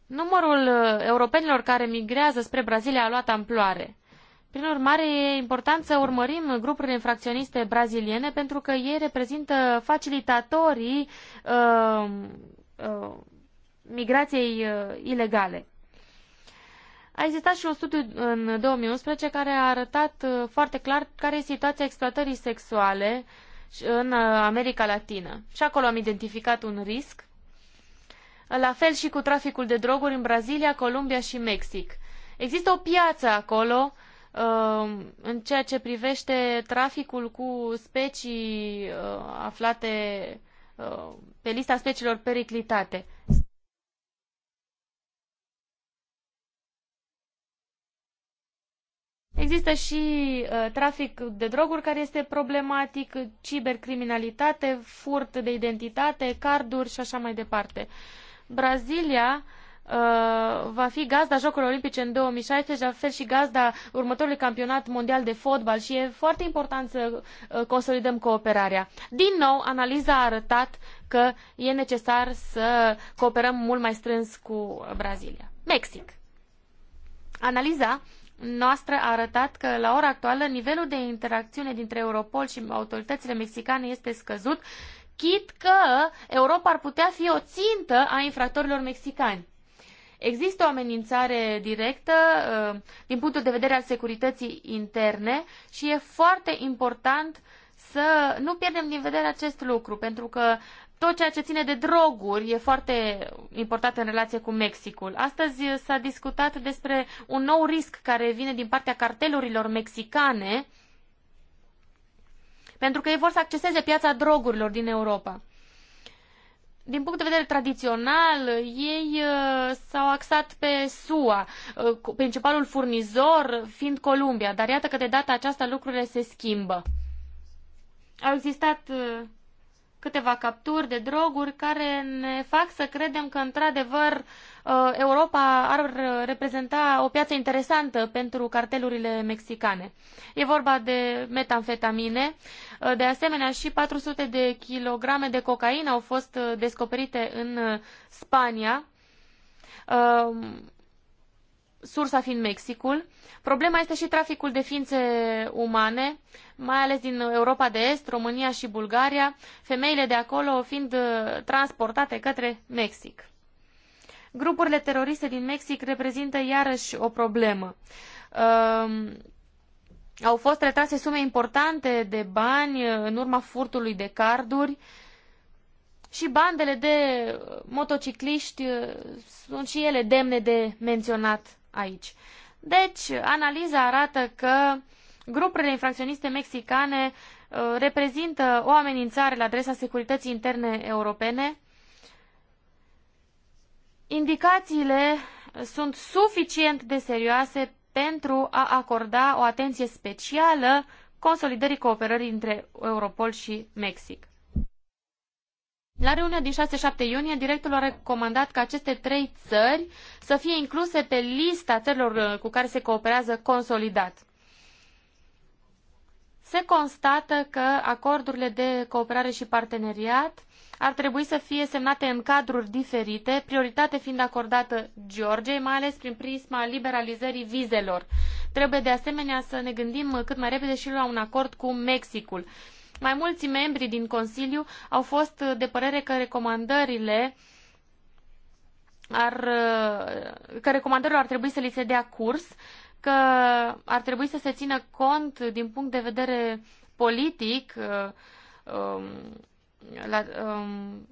numărul uh, europenilor care migrează spre Brazilia a luat amploare. Prin urmare, e important să urmărim grupurile infracționiste braziliene pentru că ei reprezintă facilitatorii uh, uh, migrației uh, ilegale. A existat și un studiu în 2011 care a arătat uh, foarte clar care e situația exploatării sexuale în uh, America Latină. Și acolo am identificat un risc. La fel și cu traficul de droguri în Brazilia, Columbia și Mexic. Există o piață acolo în ceea ce privește traficul cu specii aflate pe lista speciilor periclitate. Există și uh, trafic de droguri care este problematic, cibercriminalitate, furt de identitate, carduri și așa mai departe. Brazilia uh, va fi gazda Jocurilor Olimpice în 2016, la fel și gazda următorului campionat mondial de fotbal și e foarte important să uh, consolidăm cooperarea. Din nou, analiza a arătat că e necesar să cooperăm mult mai strâns cu Brazilia. Mexic. Analiza noastră a arătat că, la ora actuală, nivelul de interacțiune dintre Europol și autoritățile mexicane este scăzut, chit că Europa ar putea fi o țintă a infractorilor mexicani. Există o amenințare directă uh, din punctul de vedere al securității interne și e foarte important să nu pierdem din vedere acest lucru, pentru că tot ceea ce ține de droguri e foarte important în relație cu Mexicul. Astăzi s-a discutat despre un nou risc care vine din partea cartelurilor mexicane pentru că ei vor să acceseze piața drogurilor din Europa. Din punct de vedere tradițional, ei uh, s-au axat pe SUA, uh, principalul furnizor fiind Columbia, dar iată că de data aceasta lucrurile se schimbă. Au existat uh, câteva capturi de droguri care ne fac să credem că, într-adevăr, uh, Europa ar reprezenta o piață interesantă pentru cartelurile mexicane. E vorba de metamfetamine, uh, de asemenea și 400 de kilograme de cocaină au fost uh, descoperite în Spania sursa fiind Mexicul. Problema este și traficul de ființe umane, mai ales din Europa de Est, România și Bulgaria, femeile de acolo fiind uh, transportate către Mexic. Grupurile teroriste din Mexic reprezintă iarăși o problemă. Um, au fost retrase sume importante de bani uh, în urma furtului de carduri și bandele de uh, motocicliști sunt și ele demne de menționat aici. Deci, analiza arată că grupurile infracționiste mexicane uh, reprezintă o amenințare la adresa securității interne europene. Indicațiile sunt suficient de serioase pentru a acorda o atenție specială consolidării cooperării între Europol și Mexic. La reuniunea din 6-7 iunie, directorul a recomandat ca aceste trei țări să fie incluse pe lista țărilor uh, cu care se cooperează consolidat. Se constată că acordurile de cooperare și parteneriat ar trebui să fie semnate în cadruri diferite, prioritate fiind acordată Georgiei, mai ales prin prisma liberalizării vizelor. Trebuie de asemenea să ne gândim cât mai repede și la un acord cu Mexicul. Mai mulți membri din Consiliu au fost de părere că recomandările ar, că recomandărilor ar trebui să li se dea curs, că ar trebui să se țină cont din punct de vedere politic uh, um, la, um,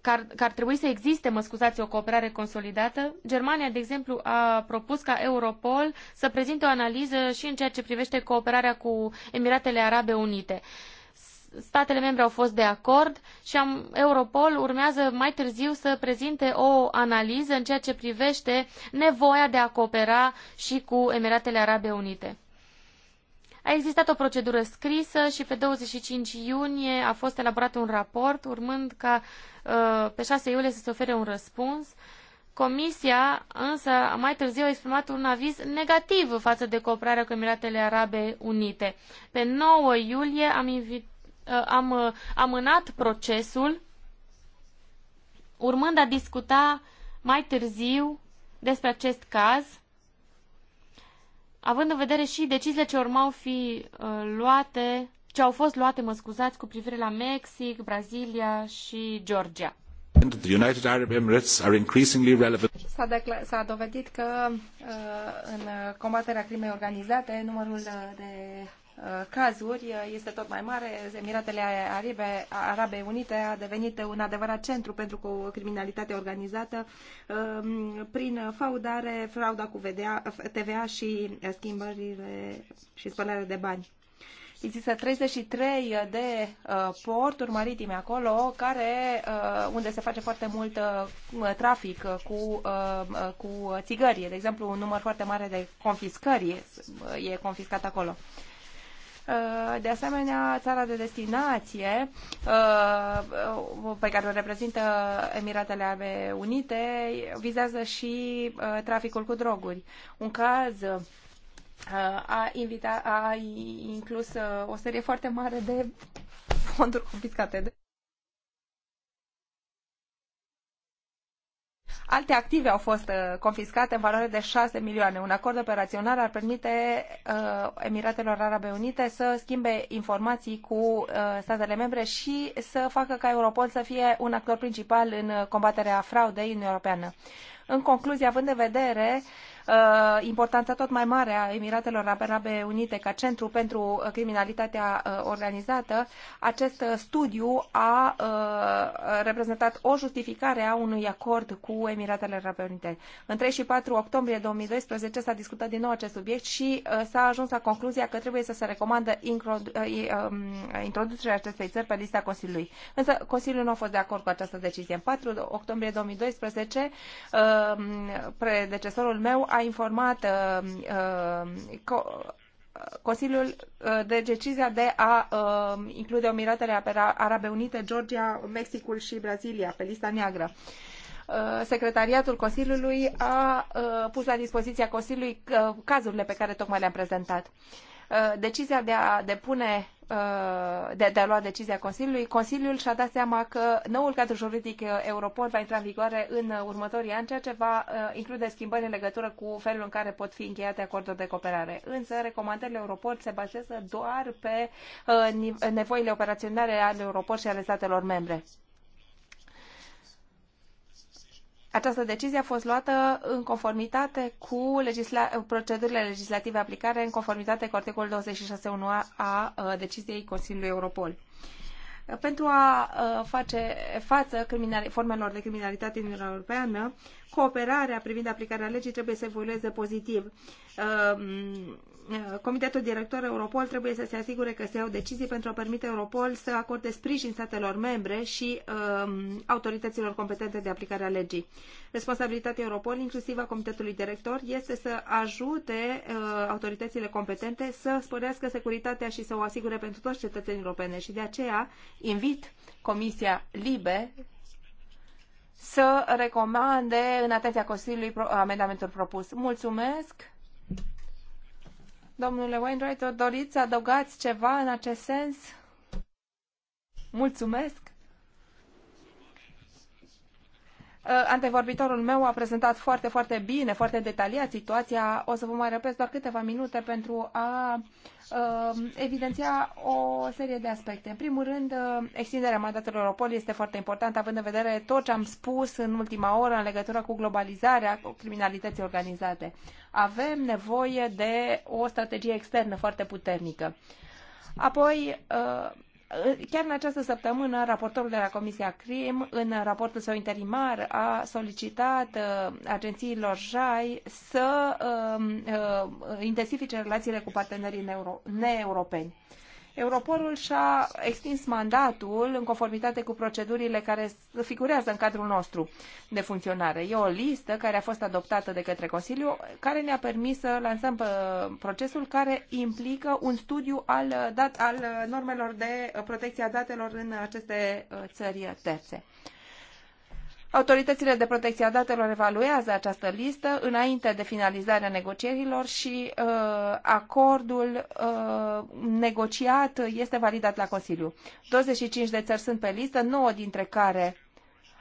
că, ar, că ar trebui să existe, mă scuzați, o cooperare consolidată. Germania, de exemplu, a propus ca Europol să prezinte o analiză și în ceea ce privește cooperarea cu Emiratele Arabe Unite. Uh, statele membre au fost de acord și am, Europol urmează mai târziu să prezinte o analiză în ceea ce privește nevoia de a coopera și cu Emiratele Arabe Unite. A existat o procedură scrisă și pe 25 iunie a fost elaborat un raport, urmând ca uh, pe 6 iulie să se ofere un răspuns. Comisia, însă, mai târziu a exprimat un aviz negativ față de cooperarea cu Emiratele Arabe Unite. Pe 9 iulie am invitat Uh, am uh, amânat procesul, urmând a discuta mai târziu despre acest caz, având în vedere și deciziile ce urmau fi uh, luate, ce au fost luate, mă scuzați, cu privire la Mexic, Brazilia și Georgia.
S-a, dovedit că în combaterea crimei organizate numărul de Uh, cazuri uh, este tot mai mare. Emiratele Arabe, Arabe Unite a devenit un adevărat centru pentru criminalitate organizată um, prin faudare, frauda cu TVA și uh, schimbările și spălarea de bani. Există 33 de porturi maritime acolo care, unde se face foarte mult trafic cu, cu țigări. De exemplu, un număr foarte mare de confiscări e confiscat acolo. Uh, de asemenea, țara de destinație uh, uh, pe care o reprezintă Emiratele Arabe Unite vizează și traficul cu droguri. Un caz a, invita, a inclus o serie foarte mare de fonduri confiscate. Alte active au fost uh, confiscate în valoare de 6 milioane. Un acord operațional ar permite uh, Emiratelor Arabe Unite să schimbe informații cu uh, statele membre și să facă ca Europol să fie un actor principal în combaterea fraudei în Europeană. În concluzie, având în vedere Uh, importanța tot mai mare a Emiratelor Arabe Unite ca centru pentru uh, criminalitatea uh, organizată, acest studiu a reprezentat o justificare a unui acord cu Emiratele Arabe Unite. În 3 și 4 octombrie 2012 s-a discutat din nou acest subiect și s-a ajuns la concluzia că trebuie să se recomandă um, introducerea acestei țări pe lista Consiliului. Însă Consiliul nu a fost de acord cu această decizie. În 4 octombrie 2012, predecesorul meu a uh, informat uh, Consiliul uh, de decizia de a uh, include Emiratele Arabe Unite, Georgia, Mexicul și Brazilia pe lista neagră secretariatul Consiliului a pus la dispoziția Consiliului cazurile pe care tocmai le-am prezentat. Uh, decizia de a depune uh, de, de a lua decizia Consiliului. Consiliul și-a dat seama că noul cadru juridic uh, Europol va intra în vigoare în următorii ani, ceea ce va include schimbări în legătură cu felul în care pot fi încheiate acorduri de cooperare. Însă, recomandările Europol se bazează doar pe nevoile operaționale ale Europol și ale statelor membre. Această decizie a fost luată în conformitate cu legisla- procedurile legislative aplicare, în conformitate cu articolul 26.1a a deciziei Consiliului Europol. Pentru a face față formelor de criminalitate în Uniunea Europeană, cooperarea privind aplicarea legii trebuie să evolueze pozitiv. Uh, Comitetul Director Europol trebuie să se asigure că se iau decizii pentru a permite Europol să acorde sprijin statelor membre și um, autorităților competente de aplicare a legii. Responsabilitatea Europol, inclusiv a Comitetului Director, este să ajute uh, autoritățile competente să sporească securitatea și să o asigure pentru toți cetățenii europene și de aceea invit Comisia Libe să recomande în atenția Consiliului amendamentul propus. Mulțumesc! Domnule Wainwright, doriți să adăugați ceva în acest sens? Mulțumesc! Uh, antevorbitorul meu a prezentat foarte, foarte bine, foarte detaliat situația. O să vă mai răpesc doar câteva minute pentru a uh, evidenția o serie de aspecte. În primul rând, uh, extinderea mandatelor Europol este foarte importantă, având în vedere tot ce am spus în ultima oră în legătură cu globalizarea cu criminalității organizate. Avem nevoie de o strategie externă foarte puternică. Apoi, Chiar în această săptămână, raportorul de la Comisia CRIM, în raportul său interimar, a solicitat uh, agențiilor JAI să uh, uh, intensifice relațiile cu partenerii neuro- neeuropeni. Uh, Europolul și-a extins mandatul în conformitate cu procedurile care figurează în cadrul nostru de funcționare. E o listă care a fost adoptată de către Consiliu, care ne-a permis să lansăm uh, procesul care implică un studiu al, uh, dat, al uh, normelor de protecție a datelor în aceste țări terțe. Autoritățile de protecție a datelor evaluează această listă înainte de finalizarea negocierilor și uh, acordul uh, negociat este validat la Consiliu. 25 de țări sunt pe listă, 9 dintre care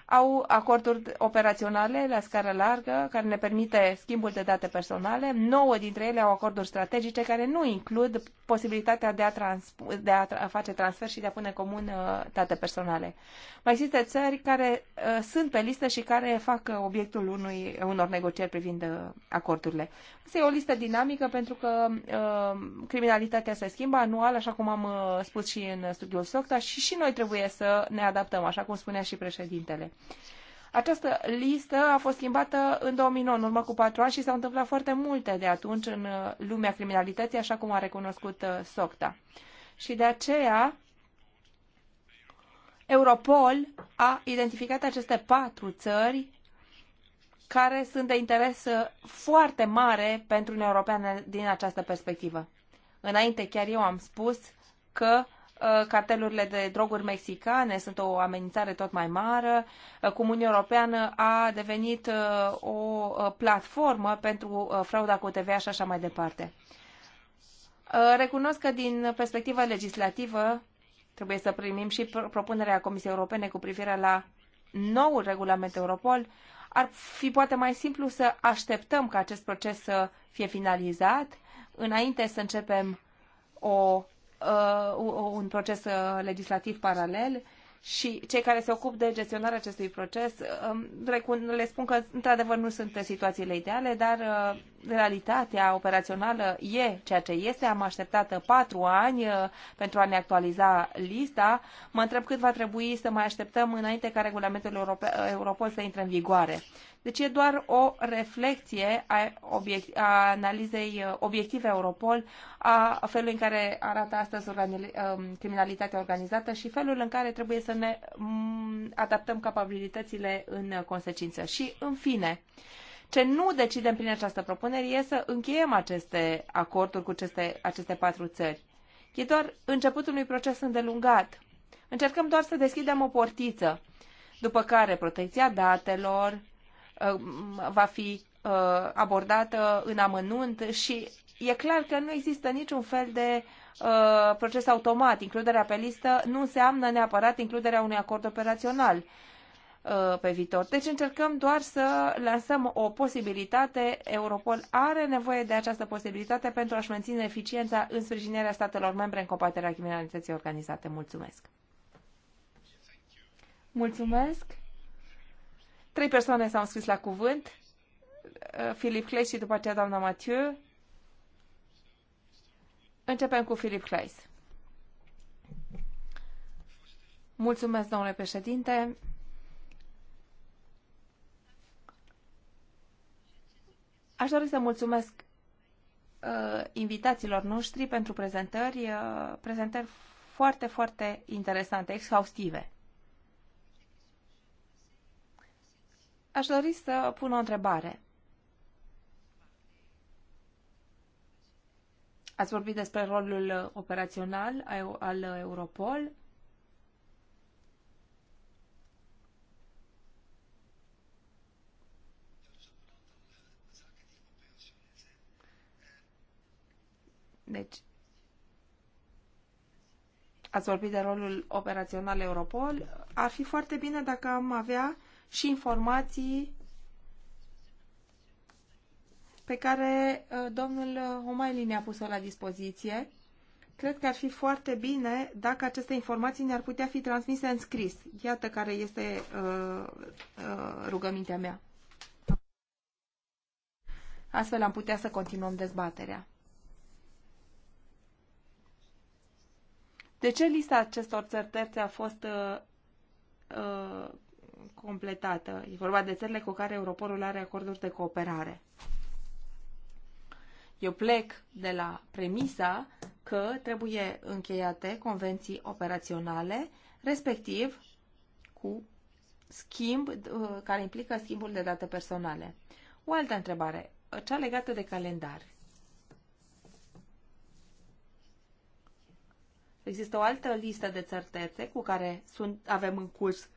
au acorduri operaționale la scară largă care ne permite schimbul de date personale. 9 dintre ele au acorduri strategice care nu includ posibilitatea de a, trans, de a tra face transfer și de a pune comun uh, date personale. Mai există țări care uh, sunt pe listă și care fac uh, obiectul unui, unor negocieri privind acordurile. Asta e o listă dinamică pentru că criminalitatea se schimbă anual, așa cum am spus și în studiul SOCTA, și și noi trebuie să ne adaptăm, așa cum spunea și președintele. Uh, această listă a fost schimbată în 2009, în urmă cu patru ani, și s-au întâmplat foarte multe de atunci în uh, lumea criminalității, așa cum a recunoscut uh, SOCTA. Și de aceea, Europol a identificat aceste patru țări care sunt de interes uh, foarte mare pentru Uniunea Europeană din această perspectivă. Înainte chiar eu am spus că Uh, cartelurile de droguri mexicane sunt o amenințare tot mai mare, uh, Comunia Europeană a devenit uh, o platformă pentru frauda cu TVA și așa mai departe. Recunosc că din perspectiva legislativă trebuie să primim și propunerea Comisiei Europene cu privire la noul regulament Europol. Ar fi poate mai simplu să așteptăm ca acest proces să fie finalizat înainte să începem o Uh, un proces uh, legislativ paralel și cei care se ocupă de gestionarea acestui proces um, le spun că, într-adevăr, nu sunt situațiile ideale, dar uh, realitatea operațională e ceea ce este. Am așteptat patru ani pentru a ne actualiza lista. Mă întreb cât va trebui să mai așteptăm înainte ca regulamentul Europol să intre în vigoare. Deci e doar o reflecție a, obiect, a analizei uh, obiective Europol, a felului în care arată astăzi organi, um, criminalitatea organizată și felul în care trebuie să ne mm, adaptăm capabilitățile în consecință. Și, în fine, ce nu decidem prin această propunere e să încheiem aceste acorduri cu aceste, aceste patru țări. E doar începutul unui proces îndelungat. Încercăm doar să deschidem o portiță, după care protecția datelor, Uh, va fi uh, abordată în amănunt și e clar că nu există niciun fel de uh, proces automat. Includerea pe listă nu înseamnă neapărat includerea unui acord operațional pe viitor. Deci încercăm doar să lansăm o posibilitate. Europol are nevoie de această posibilitate pentru a-și menține eficiența în sprijinirea statelor membre în combaterea criminalității organizate. Mulțumesc! Mulțumesc! Trei persoane s-au scris la cuvânt. Filip uh, Clay și după aceea doamna Mathieu. Începem cu Filip Kleis. Mulțumesc, domnule președinte. Aș dori să mulțumesc uh, invitațiilor noștri pentru prezentări, uh, prezentări foarte, foarte interesante, exhaustive. Aș dori să pun o întrebare. Ați vorbit despre rolul operațional al Europol. Deci, ați vorbit de rolul operațional Europol. Ar fi foarte bine dacă am avea uh, și informații pe care uh, domnul Omaili ne-a pus-o la dispoziție. Cred că ar fi foarte bine dacă aceste informații ne-ar putea fi transmise în scris. Iată care este uh, uh, rugămintea mea. Astfel am putea să continuăm dezbaterea. De ce lista acestor țări terțe a fost uh, uh completată. E vorba de țările cu care Europolul are acorduri de cooperare. Eu plec de la premisa că trebuie încheiate convenții operaționale, respectiv cu schimb, uh, care implică schimbul de date personale. O altă întrebare, cea legată de calendar. Există o altă listă de țări terțe cu care sunt, avem în curs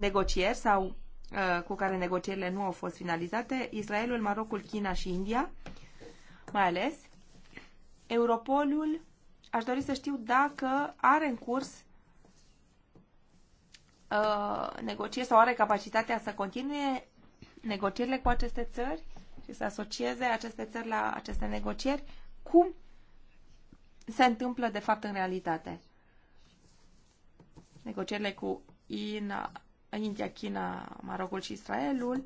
negocieri sau uh, cu care negocierile nu au fost finalizate, Israelul, Marocul, China și India, mai ales. Europolul, aș dori să știu dacă are în curs uh, negocieri sau are capacitatea să continue negocierile cu aceste țări și să asocieze aceste țări la aceste negocieri. Cum se întâmplă de fapt în realitate? Negocierile cu INA India, China, Marocul și Israelul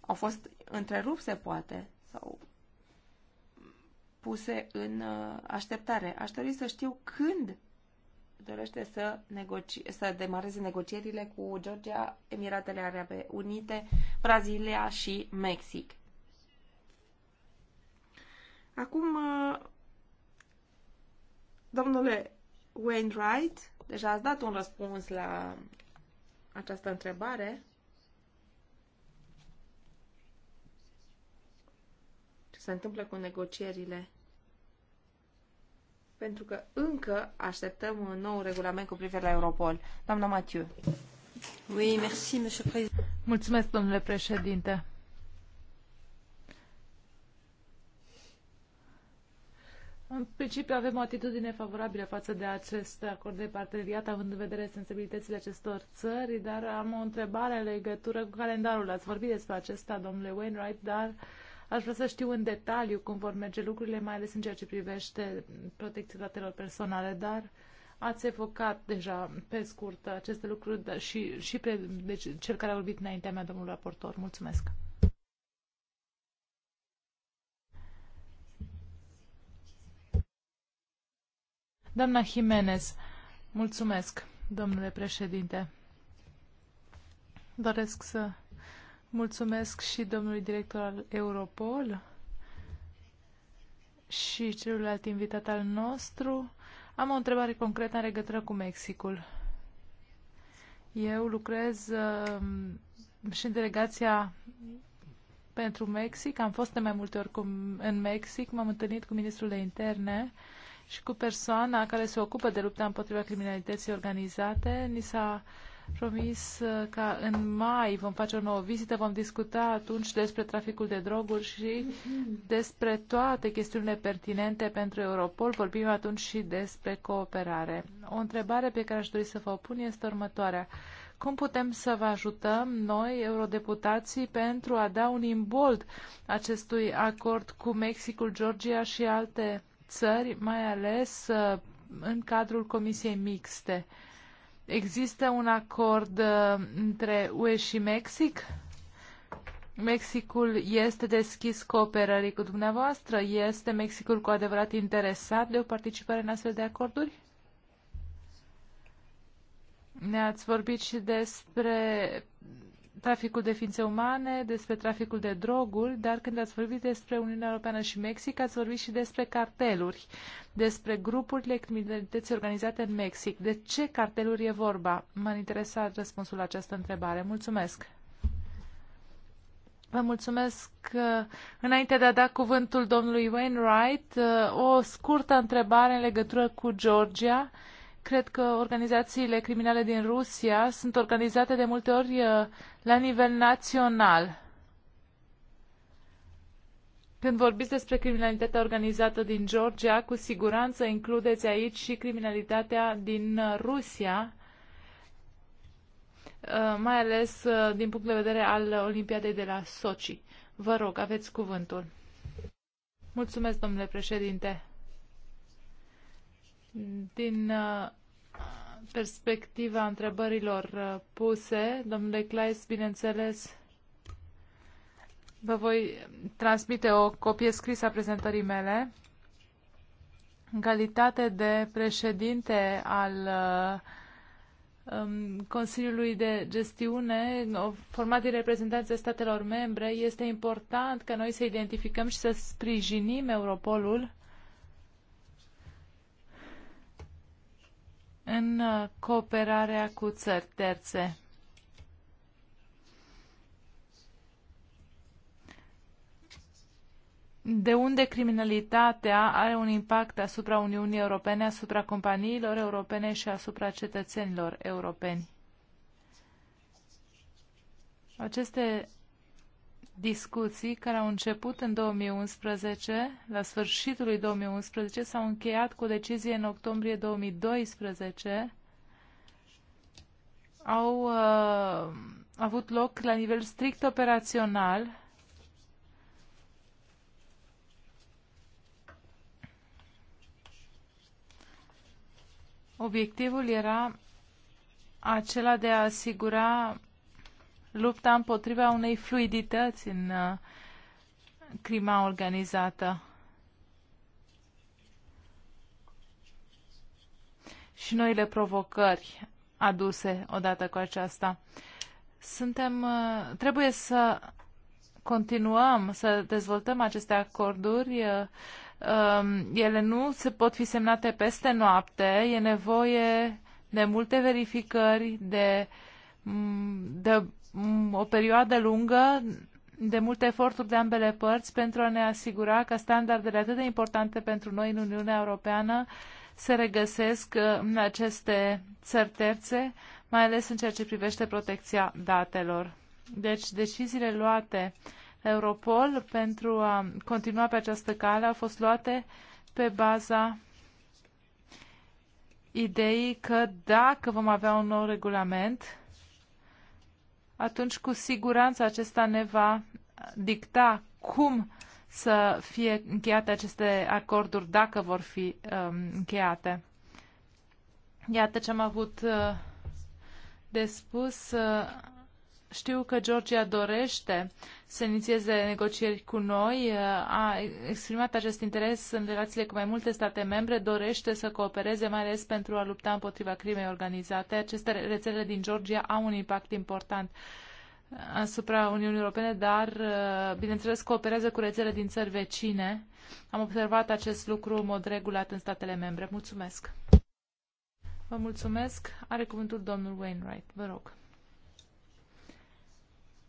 au fost întrerupse, poate, sau puse în uh, așteptare. Aș dori să știu când dorește să, negoci- să demareze negocierile cu Georgia, Emiratele Arabe Unite, Brazilia și Mexic. Acum, uh, domnule Wainwright, deja ați dat un răspuns la această întrebare. Ce se întâmplă cu negocierile? Pentru că încă așteptăm un nou regulament cu privire la Europol. Doamna Mathieu. Oui,
merci, Mulțumesc, domnule președinte. În principiu avem o atitudine favorabilă față de acest acord de parteneriat, având în vedere sensibilitățile acestor țări, dar am o întrebare în legătură cu calendarul. Ați vorbit despre acesta, domnule Wainwright, dar aș vrea să știu în detaliu cum vor merge lucrurile, mai ales în ceea ce privește protecția datelor personale, dar ați evocat deja pe scurt aceste lucruri și, și pre, deci, cel care a vorbit înaintea mea, domnul raportor. Mulțumesc! Doamna Jimenez, mulțumesc, domnule președinte. Doresc să mulțumesc și domnului director al Europol și celuilalt invitat al nostru. Am o întrebare concretă în legătură cu Mexicul. Eu lucrez uh, și în delegația pentru Mexic. Am fost de mai multe ori cu, în Mexic, m-am întâlnit cu ministrul de interne uh, și cu persoana care se ocupă de lupta împotriva criminalității organizate. Ni s-a promis uh, că în mai vom face o nouă vizită, vom discuta atunci despre traficul de droguri și despre toate chestiunile pertinente pentru Europol. Vorbim atunci și despre cooperare. O întrebare pe care aș dori să vă o pun este următoarea. Cum putem să vă ajutăm noi, eurodeputații, pentru a da un imbold acestui acord cu Mexicul, Georgia și alte țări, mai ales uh, în cadrul Comisiei Mixte. Există un acord uh, între UE și Mexic? Mexicul este deschis cooperării cu dumneavoastră? Este Mexicul cu adevărat interesat de o participare în astfel de acorduri? Ne-ați vorbit și despre traficul de ființe umane, despre traficul de droguri, dar când ați vorbit despre Uniunea Europeană și Mexic, ați vorbit și despre carteluri, despre grupurile criminalității organizate în Mexic. De ce carteluri e vorba? m a interesat răspunsul la această întrebare. Mulțumesc! Vă mulțumesc. Uh, înainte de a da cuvântul domnului Wainwright, uh, o scurtă întrebare în legătură cu Georgia. Cred că organizațiile criminale din Rusia sunt organizate de multe ori uh, la nivel național. Când vorbiți despre criminalitatea organizată din Georgia, cu siguranță includeți aici și criminalitatea din uh, Rusia, uh, mai ales din punct de vedere al Olimpiadei de la Sochi. Vă rog, aveți cuvântul. Mulțumesc, domnule președinte. Din uh, perspectiva întrebărilor uh, puse, domnule Claes, bineînțeles, vă voi transmite o copie scrisă a prezentării mele. În calitate de președinte al uh, um, Consiliului de Gestiune, format din reprezentanțe statelor membre, este important ca noi să identificăm și să sprijinim Europolul în uh, cooperarea cu țări terțe. De unde criminalitatea are un impact asupra Uniunii Europene, asupra companiilor europene și asupra cetățenilor europeni? Aceste discuții care au început în 2011, la sfârșitul lui 2011, s-au încheiat cu decizie în octombrie 2012, au uh, avut loc la nivel strict operațional Obiectivul era acela de a asigura lupta împotriva unei fluidități în uh, crima organizată. Și noile provocări aduse odată cu aceasta. Suntem, uh, trebuie să continuăm să dezvoltăm aceste acorduri. Uh, um, ele nu se pot fi semnate peste noapte. E nevoie de multe verificări, de, de o perioadă lungă de multe eforturi de ambele părți pentru a ne asigura că standardele atât de importante pentru noi în Uniunea Europeană se regăsesc uh, în aceste țări terțe, mai ales în ceea ce privește protecția datelor. Deci, deciziile luate la Europol pentru a continua pe această cale au fost luate pe baza ideii că dacă vom avea un nou regulament, atunci cu siguranță acesta ne va dicta cum să fie încheiate aceste acorduri, dacă vor fi um, încheiate. Iată ce am avut uh, de spus. Uh, știu că Georgia dorește să inițieze negocieri cu noi, a exprimat acest interes în relațiile cu mai multe state membre, dorește să coopereze mai ales pentru a lupta împotriva crimei organizate. Aceste rețele din Georgia au un impact important asupra Uniunii Europene, dar, uh, bineînțeles, cooperează cu rețele din țări vecine. Am observat acest lucru în mod regulat în statele membre. Mulțumesc! Vă mulțumesc. Are cuvântul domnul Wainwright. Vă rog.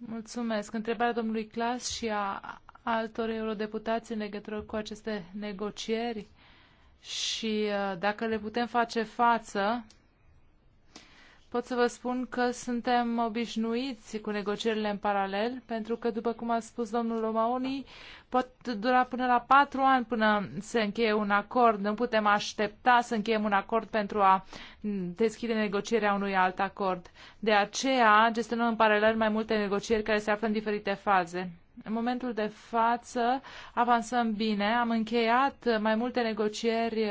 Mulțumesc. Întrebarea domnului Clas și a altor eurodeputați în legătură cu aceste negocieri și uh, dacă le putem face față pot să vă spun că suntem obișnuiți cu negocierile în paralel, pentru că, după cum a spus domnul Omaoni, pot dura până la patru ani până se încheie un acord. Nu putem aștepta să încheiem un acord pentru a deschide negocierea unui alt acord. De aceea gestionăm în paralel mai multe negocieri care se află în diferite faze. În momentul de față avansăm bine, am încheiat mai multe negocieri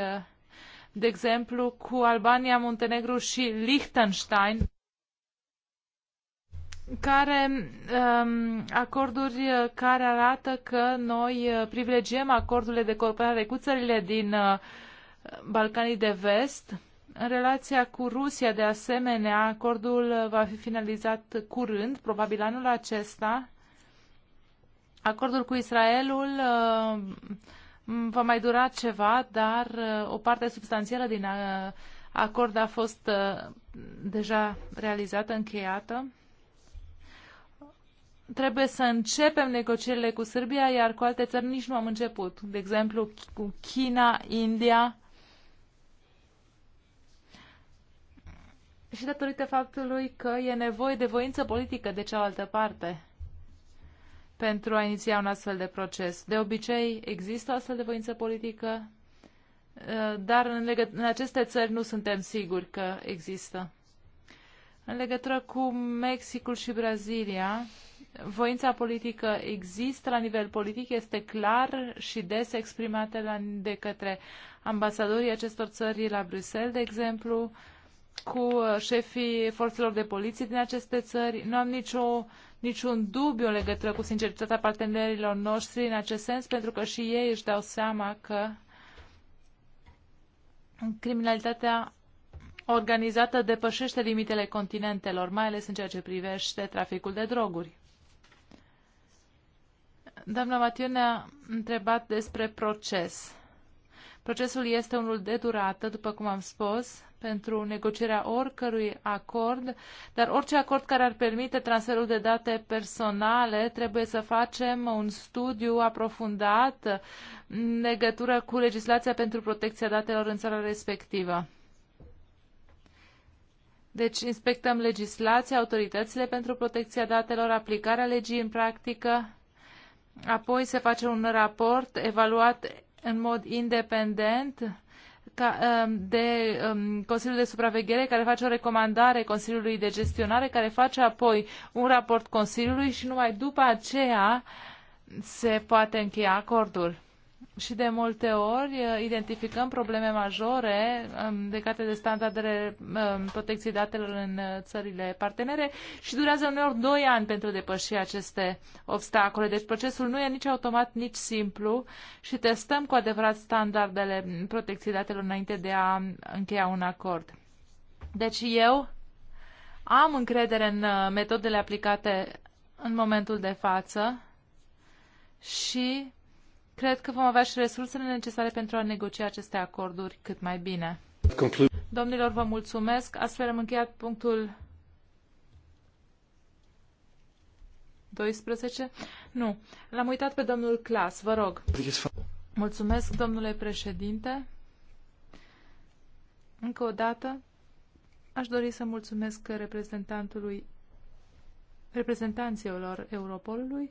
de exemplu, cu Albania, Muntenegru și Liechtenstein, care um, acorduri care arată că noi uh, privilegiem acordurile de cooperare cu țările din uh, Balcanii de Vest. În relația cu Rusia, de asemenea, acordul va fi finalizat curând, probabil anul acesta. Acordul cu Israelul uh, Mm, va mai dura ceva, dar uh, o parte substanțială din uh, acord a fost uh, deja realizată, încheiată. Trebuie să începem negocierile cu Sârbia, iar cu alte țări nici nu am început. De exemplu, cu China, India. Și datorită faptului că e nevoie de voință politică de cealaltă parte pentru a iniția un astfel de proces. De obicei există o astfel de voință politică, uh, dar în, legăt... în aceste țări nu suntem siguri că există. În legătură cu Mexicul și Brazilia, voința politică există la nivel politic, este clar și des exprimată la, de către ambasadorii acestor țări la Bruxelles, de exemplu, uh, cu uh, șefii forțelor de poliție din aceste țări. Nu am nicio, niciun dubiu în legătură cu sinceritatea partenerilor noștri în acest sens, pentru că și ei își dau seama că criminalitatea organizată depășește limitele continentelor, mai ales în ceea ce privește traficul de droguri. Doamna Matiu ne-a întrebat despre proces. Procesul este unul de durată, după cum am spus, pentru negocierea oricărui acord, dar orice acord care ar permite transferul de date personale trebuie să facem un studiu aprofundat în legătură cu legislația pentru protecția datelor în țara respectivă. Deci inspectăm legislația, autoritățile pentru protecția datelor, aplicarea legii în practică, apoi se face un raport evaluat în mod independent Um, de um, Consiliul de Supraveghere care face o recomandare Consiliului de Gestionare care face apoi un raport Consiliului și numai după aceea se poate încheia acordul și de multe ori uh, identificăm probleme majore um, legate de standardele um, protecției datelor în uh, țările partenere și durează uneori 2 ani pentru a depăși aceste obstacole. Deci procesul nu e nici automat, nici simplu și testăm cu adevărat standardele protecției datelor înainte de a încheia un acord. Deci eu am încredere în uh, metodele aplicate în momentul de față și Cred că vom avea și resursele necesare pentru a negocia aceste acorduri cât mai bine. Domnilor, vă mulțumesc. Astfel am încheiat punctul 12? Nu. L-am uitat pe domnul Clas. Vă rog. Mulțumesc, domnule președinte. Încă o dată, aș dori să mulțumesc reprezentantului reprezentanților Europolului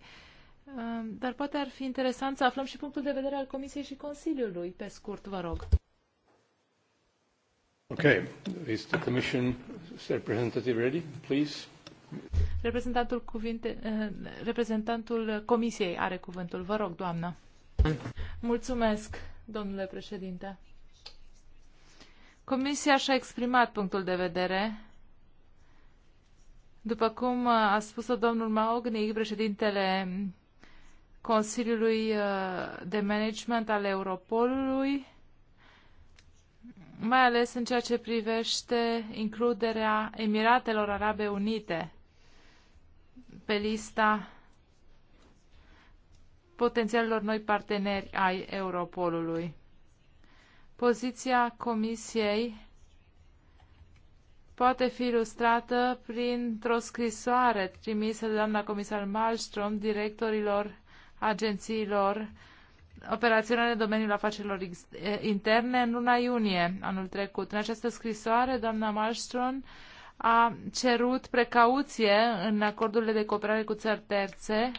dar poate ar fi interesant să aflăm și punctul de vedere al Comisiei și Consiliului, pe scurt, vă rog.
Okay. Is the Commission representative ready, please?
Reprezentantul, cuvinte, eh, reprezentantul Comisiei are cuvântul. Vă rog, doamnă. Mulțumesc, domnule președinte. Comisia și-a exprimat punctul de vedere. După cum a spus-o domnul Maogni, președintele Consiliului uh, de Management al Europolului, mai ales în ceea ce privește includerea Emiratelor Arabe Unite pe lista potențialilor noi parteneri ai Europolului. Poziția Comisiei poate fi ilustrată printr-o scrisoare trimisă de doamna comisar Malmström directorilor agențiilor operaționale în domeniul afacerilor interne în luna iunie anul trecut. În această scrisoare, doamna Malmström a cerut precauție în acordurile de cooperare cu țări terțe,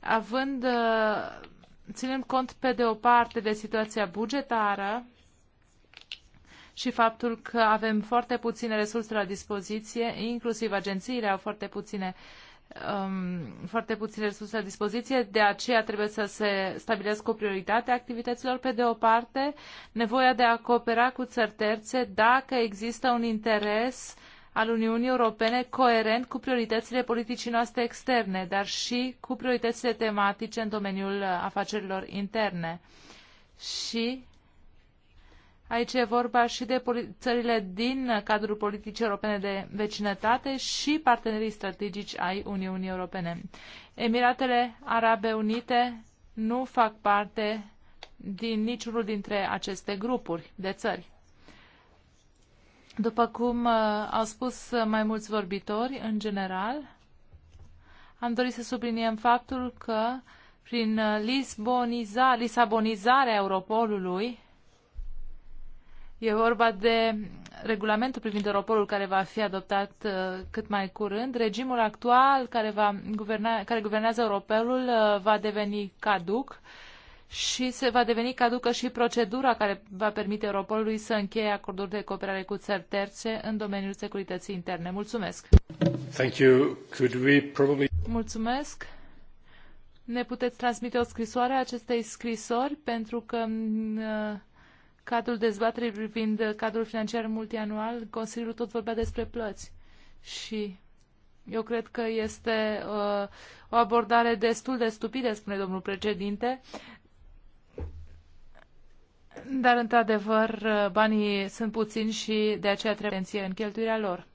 având, ținând cont pe de o parte de situația bugetară și faptul că avem foarte puține resurse la dispoziție, inclusiv agențiile au foarte puține uh, um, foarte puține resurse la dispoziție, de aceea trebuie să se stabilească o prioritate a activităților. Pe de o parte, nevoia de a coopera cu țări terțe dacă există un interes al Uniunii Europene coerent cu prioritățile politicii noastre externe, dar și cu prioritățile tematice în domeniul afacerilor interne. Și Aici e vorba și de țările din cadrul politicii europene de vecinătate și partenerii strategici ai Uniunii Europene. Emiratele Arabe Unite nu fac parte din niciunul dintre aceste grupuri de țări. După cum uh, au spus mai mulți vorbitori, în general, am dorit să subliniem faptul că prin uh, lisboniza, lisabonizarea Europolului, E vorba de regulamentul privind Europolul care va fi adoptat uh, cât mai curând. Regimul actual care, va guverna, care guvernează Europolul uh, va deveni caduc și se va deveni caducă și procedura care va permite Europolului să încheie acorduri de cooperare cu țări terțe în domeniul securității interne. Mulțumesc!
Thank you.
Could we probably... Mulțumesc! Ne puteți transmite o scrisoare acestei scrisori pentru că uh, cadrul dezbaterii privind cadrul financiar multianual, Consiliul tot vorbea despre plăți. Și eu cred că este uh, o abordare destul de stupidă, spune domnul președinte. Dar, într-adevăr, uh, banii sunt puțini și de aceea trebuie atenție în cheltuirea lor.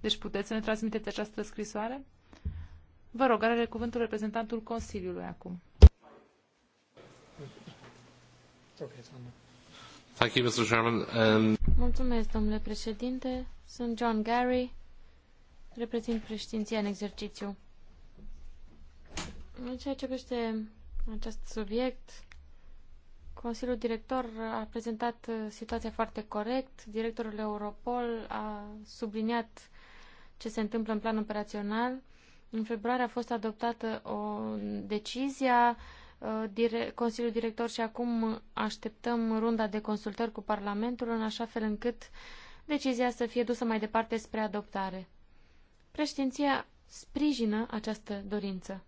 Deci puteți să ne transmiteți această scrisoare? Vă rog, are cuvântul reprezentantul Consiliului acum. Thank you, Mr. Chairman. Um...
Mulțumesc, domnule președinte. Sunt John Gary, reprezint președinția în exercițiu. În ceea ce privește acest subiect, Consiliul Director a prezentat uh, situația foarte corect. Directorul Europol a subliniat ce se întâmplă în plan operațional. În februarie a fost adoptată o decizie. Uh, Consiliul Director și acum așteptăm runda de consultări cu Parlamentul în așa fel încât decizia să fie dusă mai departe spre adoptare. Președinția sprijină această dorință.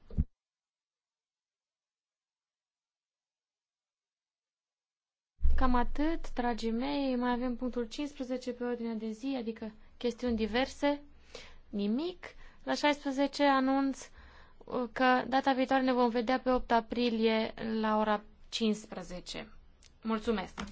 Cam atât, dragii mei, mai avem punctul 15 pe ordinea de zi, adică chestiuni diverse, nimic. La 16 anunț că data viitoare ne vom vedea pe 8 aprilie la ora 15. Mulțumesc!